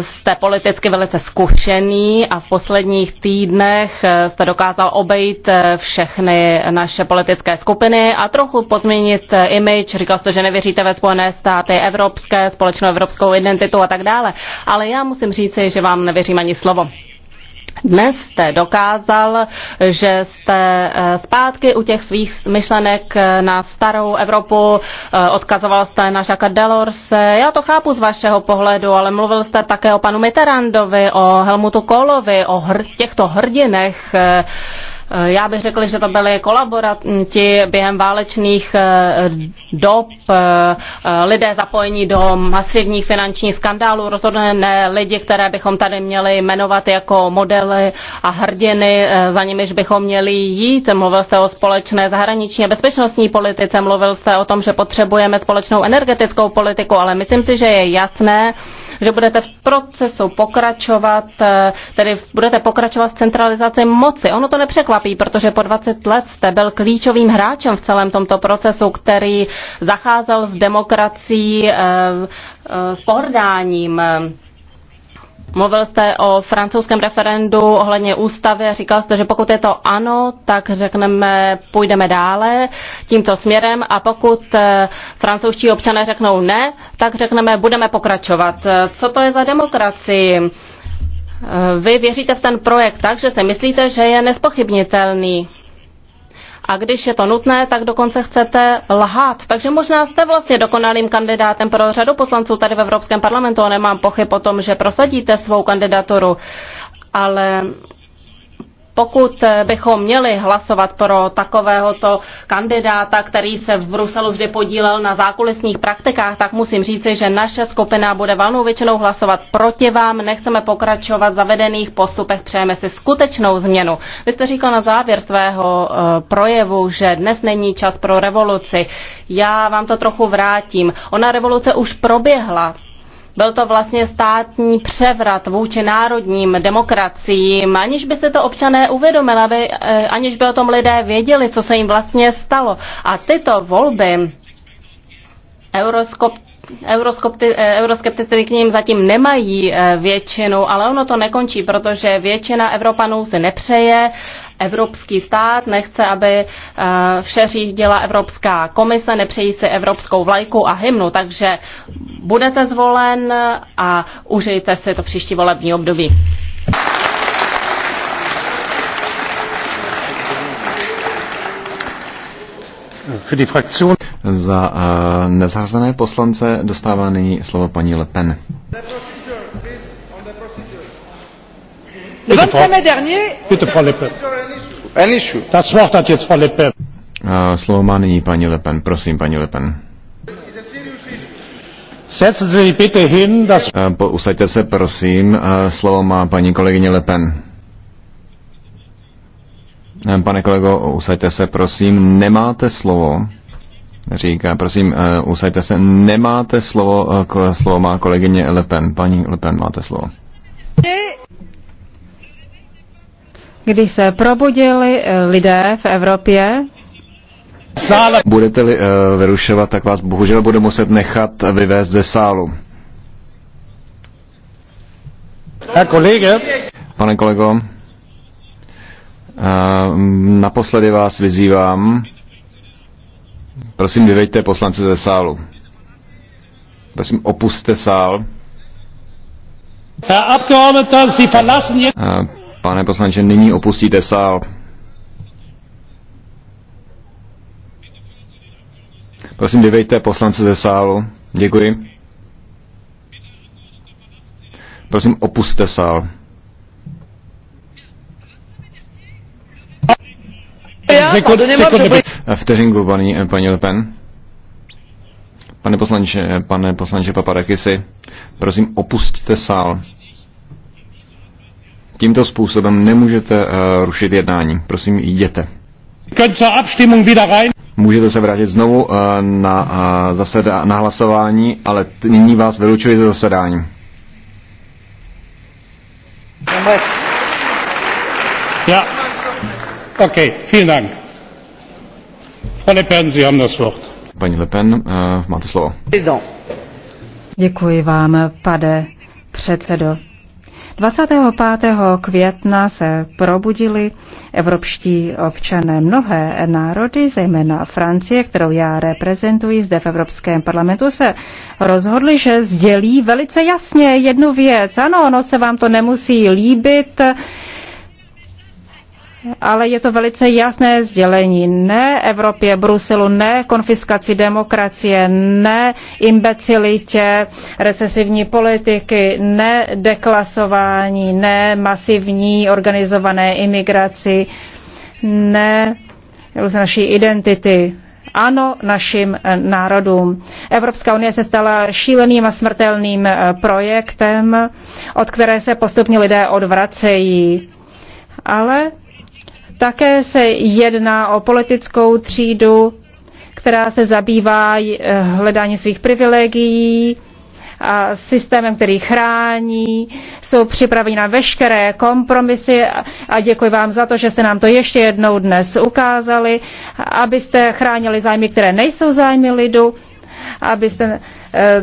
jste politicky velice zkušený a v posledních týdnech eh, jste dokázal obejít eh, všechny naše politické skupiny a trochu pozměnit eh, image. Říkal jste, že nevěříte ve Spojené státy evropské, společnou evropskou identitu a tak dále. Ale já musím říci, že vám nevěřím ani slovo. Dnes jste dokázal, že jste eh, zpátky u těch svých myšlenek eh, na starou Evropu, eh, odkazoval jste na Jacques Delors. Já to chápu z vašeho pohledu, ale mluvil jste také o panu Mitterrandovi, o Helmutu Kohlovi, o hr- těchto hrdinech Eh, já bych řekl, že to byli kolaboranti během válečných eh, dob, eh, lidé zapojení do masivních finančních skandálů, rozhodně ne lidi, které bychom tady měli jmenovat jako modely a hrdiny, za nimiž bychom měli jít. Mluvil jste o společné zahraniční a bezpečnostní politice, mluvil jste o tom, že potřebujeme společnou energetickou politiku, ale myslím si, že je jasné, že budete v procesu pokračovat, eh, tedy budete pokračovat v centralizaci moci. Ono to nepřekvapí, protože po 20 let jste byl klíčovým hráčem v celém tomto procesu, který zacházel s demokracií, eh, eh, s pohrdáním. Mluvil jste o francouzském referendu ohledně ústavy a říkal jste, že pokud je to ano, tak řekneme, půjdeme dále tímto směrem a pokud eh, francouzští občané řeknou ne, tak řekneme, budeme pokračovat. Co to je za demokracii? Eh, vy věříte v ten projekt tak, že si myslíte, že je nespochybnitelný a když je to nutné, tak dokonce chcete lhát. Takže možná jste vlastně dokonalým kandidátem pro řadu poslanců tady v Evropském parlamentu a nemám pochyb o tom, že prosadíte svou kandidaturu. Ale pokud bychom měli hlasovat pro takovéhoto kandidáta, který se v Bruselu vždy podílel na zákulisních praktikách, tak musím říci, že naše skupina bude valnou většinou hlasovat proti vám. Nechceme pokračovat v zavedených postupech, přejeme si skutečnou změnu. Vy jste říkal na závěr svého eh, projevu, že dnes není čas pro revoluci. Já vám to trochu vrátím. Ona revoluce už proběhla. Byl to vlastně státní převrat vůči národním demokraciím, aniž by se to občané uvědomili, aby, eh, aniž by o tom lidé věděli, co se jim vlastně stalo. A tyto volby euroskop, eh, euroskeptici k ním zatím nemají eh, většinu, ale ono to nekončí, protože většina Evropanů se nepřeje evropský stát, nechce, aby eh, vše řídila Evropská komise, nepřejí si evropskou vlajku a hymnu, takže budete zvolen a užijte si to příští volební období. Za uh, poslance dostává nyní slovo paní Le Pen. A slovo má nyní paní Lepen. Prosím, paní Lepen. Pen. usaďte se, prosím. Slovo má paní kolegyně Lepen. Pane kolego, usaďte se, prosím. Nemáte slovo. Říká, prosím, usaďte se. Nemáte slovo. Slovo má kolegyně Lepen. Paní Lepen, máte slovo. Je kdy se probudili eh, lidé v Evropě. Sále. Budete-li uh, vyrušovat, tak vás bohužel bude muset nechat vyvést ze sálu. Pane kolego, eh, naposledy vás vyzývám, prosím vyveďte poslance ze sálu. Prosím opuste sál. Pane poslanče, nyní opustíte sál. Prosím, dívejte poslance ze sálu. Děkuji. Prosím, opuste sál. Eh, vteřinku, paní, eh, paní Le Pen. Pane poslanče, eh, pane poslanče Paparakisi, prosím opustte sál. Tímto způsobem nemůžete eh, rušit jednání. Prosím, jděte. Můžete se vrátit znovu eh, na, eh, zaseda, na hlasování, ale nyní vás vylučuji ze zasedání. Ja. Okay, vielen Dank. Frau Le Pen, Sie haben das Wort. Paní Le Pen, uh, máte slovo. Děkuji vám, pane předsedo. 25. května se probudili evropští občané. Mnohé národy, zejména Francie, kterou já reprezentuji zde v Evropském parlamentu, se rozhodli, že sdělí velice jasně jednu věc. Ano, ono se vám to nemusí líbit, ale je to velice jasné sdělení. Ne Evropě, Bruselu, ne konfiskaci demokracie, ne imbecilitě recesivní politiky, ne deklasování, ne masivní organizované imigraci, ne naší identity. Ano našim eh, národům. Evropská unie se stala šíleným a smrtelným eh, projektem, od které se postupně lidé odvracejí. Ale také se jedná o politickou třídu, která se zabývá eh, hledání svých privilegií a systémem, který chrání. Jsou připraveni na veškeré kompromisy a děkuji vám za to, že jste nám to ještě jednou dnes ukázali, abyste chránili zájmy, které nejsou zájmy lidu abyste eh,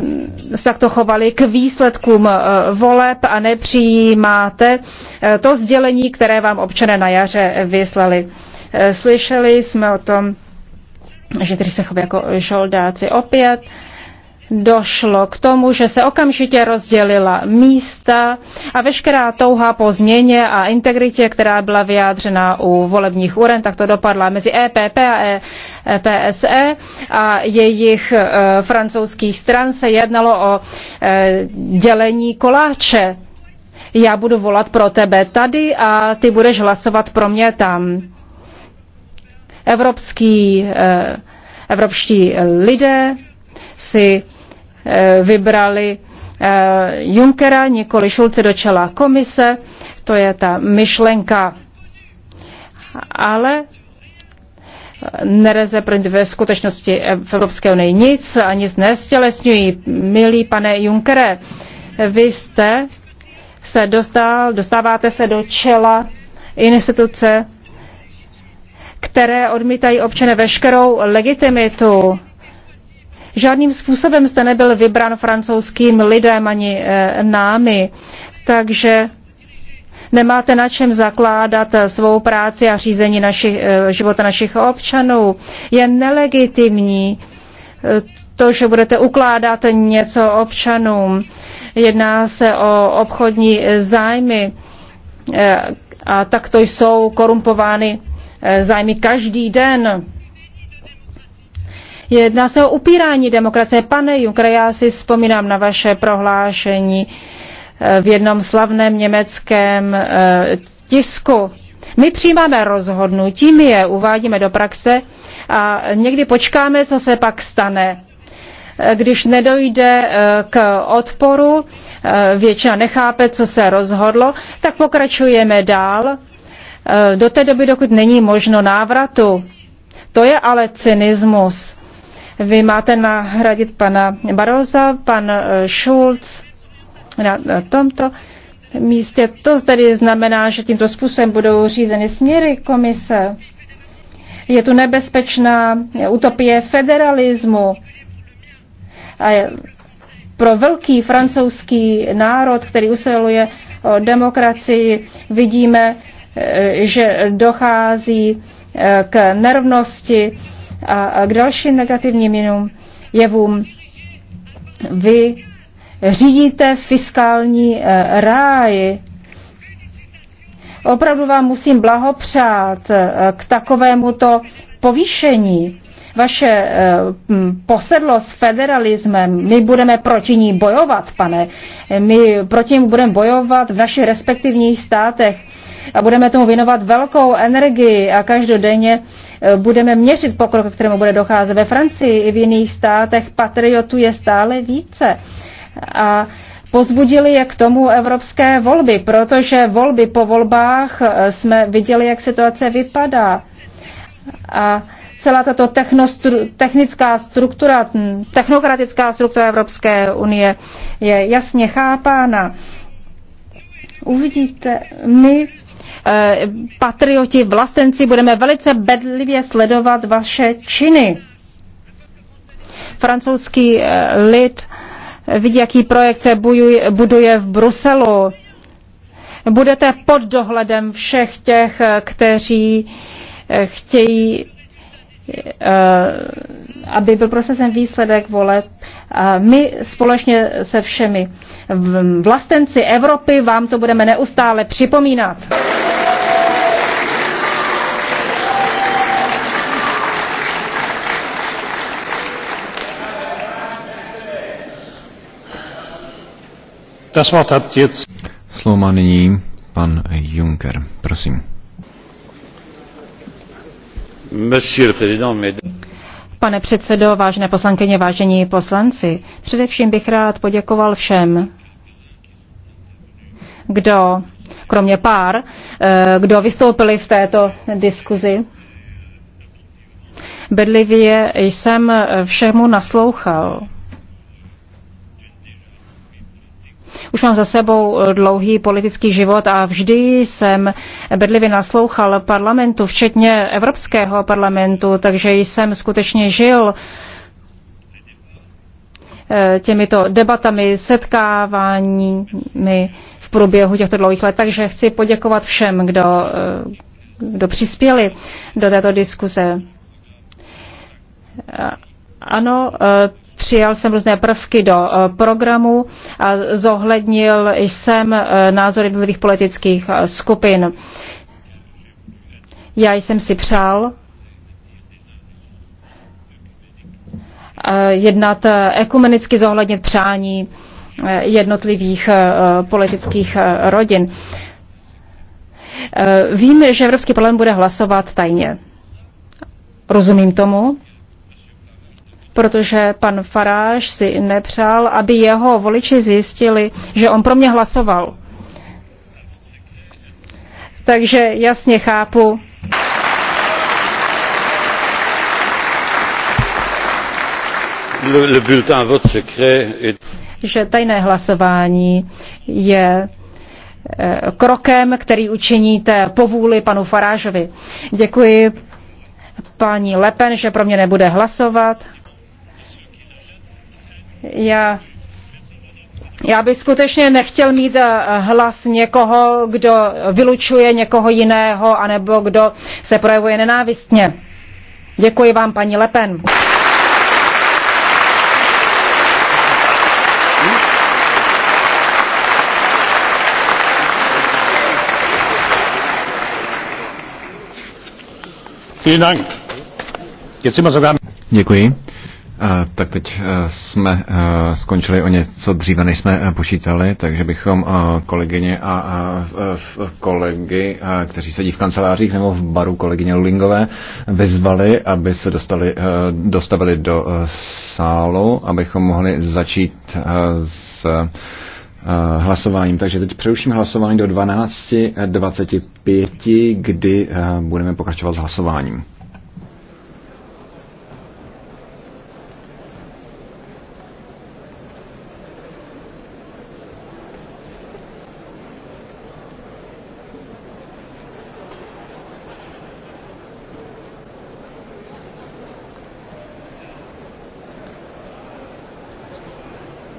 se takto chovali k výsledkům eh, voleb a nepřijímáte eh, to sdělení, které vám občané na jaře vyslali. Slyšeli jsme o tom, že tedy se chovají jako žoldáci opět došlo k tomu, že se okamžitě rozdělila místa a veškerá touha po změně a integritě, která byla vyjádřena u volebních úren, tak to dopadla mezi EPP a EPSE e e a jejich e, francouzských stran se jednalo o dělení koláče. Já budu volat pro tebe tady a ty budeš hlasovat pro mě tam. Evropský, evropští lidé si Eh, vybrali eh, Junkera, nikoli Šulce do čela komise, to je ta myšlenka. Ale eh, nereze ve skutečnosti v Evropské unii nic a nic nestělesňují. Milý pane Junkere, vy jste se dostal, dostáváte se do čela instituce, které odmítají občany veškerou legitimitu Žádným způsobem jste nebyl vybran francouzským lidem ani eh, námi, takže nemáte na čem zakládat eh, svou práci a řízení e, života našich občanů. Je nelegitimní to, že budete ukládat něco občanům. Jedná se o obchodní zájmy a takto jsou korumpovány zájmy každý den. Jedná se o upírání demokracie. Pane Juncker, já si vzpomínám na vaše prohlášení eh, v jednom slavném německém eh, tisku. My přijímáme rozhodnutí, my je uvádíme do praxe a někdy počkáme, co se pak stane. Eh, když nedojde k odporu, většina nechápe, co se rozhodlo, tak pokračujeme dál do té doby, dokud není možno návratu. To je ale cynismus. Vy máte nahradit pana Baroza, pan eh, Schulz na tomto místě. To tedy znamená, že tímto způsobem budou řízeny směry komise. Je tu nebezpečná utopie federalismu. A pro velký francouzský národ, který usiluje o demokracii, vidíme, eh, že dochází eh, k nerovnosti a k dalším negativním jinům jevům. Vy řídíte fiskální eh, ráj. Opravdu vám musím blahopřát eh, k takovémuto povýšení. Vaše eh, posedlost s federalismem, my budeme proti ní bojovat, pane. My proti ní budeme bojovat v našich respektivních státech a budeme tomu věnovat velkou energii a každodenně Eh, budeme měřit pokrok, k kterému bude docházet ve Francii i v jiných státech, patriotů je stále více. A pozbudili je k tomu evropské volby, protože volby po volbách eh, jsme viděli, jak situace vypadá. A celá tato technostru, technická struktura, hm, technokratická struktura Evropské unie je jasně chápána. Uvidíte, my Eh, patrioti, vlastenci, budeme velice bedlivě sledovat vaše činy. Francouzský eh, lid vidí, jaký projekt se buduje v Bruselu. Budete pod dohledem všech těch, eh, kteří chtějí, aby byl procesem výsledek voleb. A my společně se všemi vlastenci Evropy vám to budeme neustále připomínat. Das Wort hat jetzt... Slovo má nyní pan Juncker. Prosím. Monsieur le Président, Pane předsedo, vážné poslankyně, vážení poslanci, především bych rád poděkoval všem, kdo, kromě pár, eh, kdo vystoupili v této diskuzi. Bedlivě jsem všemu naslouchal. Už mám za sebou eh, dlouhý politický život a vždy jsem bedlivě naslouchal parlamentu, včetně Evropského parlamentu, takže jsem skutečně žil eh, těmito debatami, setkáváními v průběhu těchto dlouhých let. Takže chci poděkovat všem, kdo, eh, kdo přispěli do této diskuse. Ano, Přijal jsem různé prvky do eh, programu a zohlednil jsem eh, názory jednotlivých politických eh, skupin. Já jsem si přál jednat ekumenicky, zohlednit přání jednotlivých politických rodin. Vím, že Evropský parlament bude hlasovat tajně. Rozumím tomu, protože pan Faráš si nepřál, aby jeho voliči zjistili, že on pro mě hlasoval. Takže jasně chápu. Le, le vote est... Že tajné hlasování je eh, krokem, který učiníte po vůli panu Farážovi. Děkuji paní Lepen, že pro mě nebude hlasovat. Já, já bych skutečně nechtěl mít eh, hlas někoho, kdo vylučuje někoho jiného, anebo kdo se projevuje nenávistně. Děkuji vám, paní Lepen. Děkuji. Eh, tak teď eh, jsme eh, skončili o něco dříve, než jsme počítali, takže bychom kolegyně a kolegy, kteří sedí v kancelářích nebo v baru kolegyně Lulingové, vyzvali, aby se dostali, dostavili do sálu, abychom mohli začít s hlasováním. Takže teď přeruším hlasování do 12.25, kdy budeme pokračovat s hlasováním.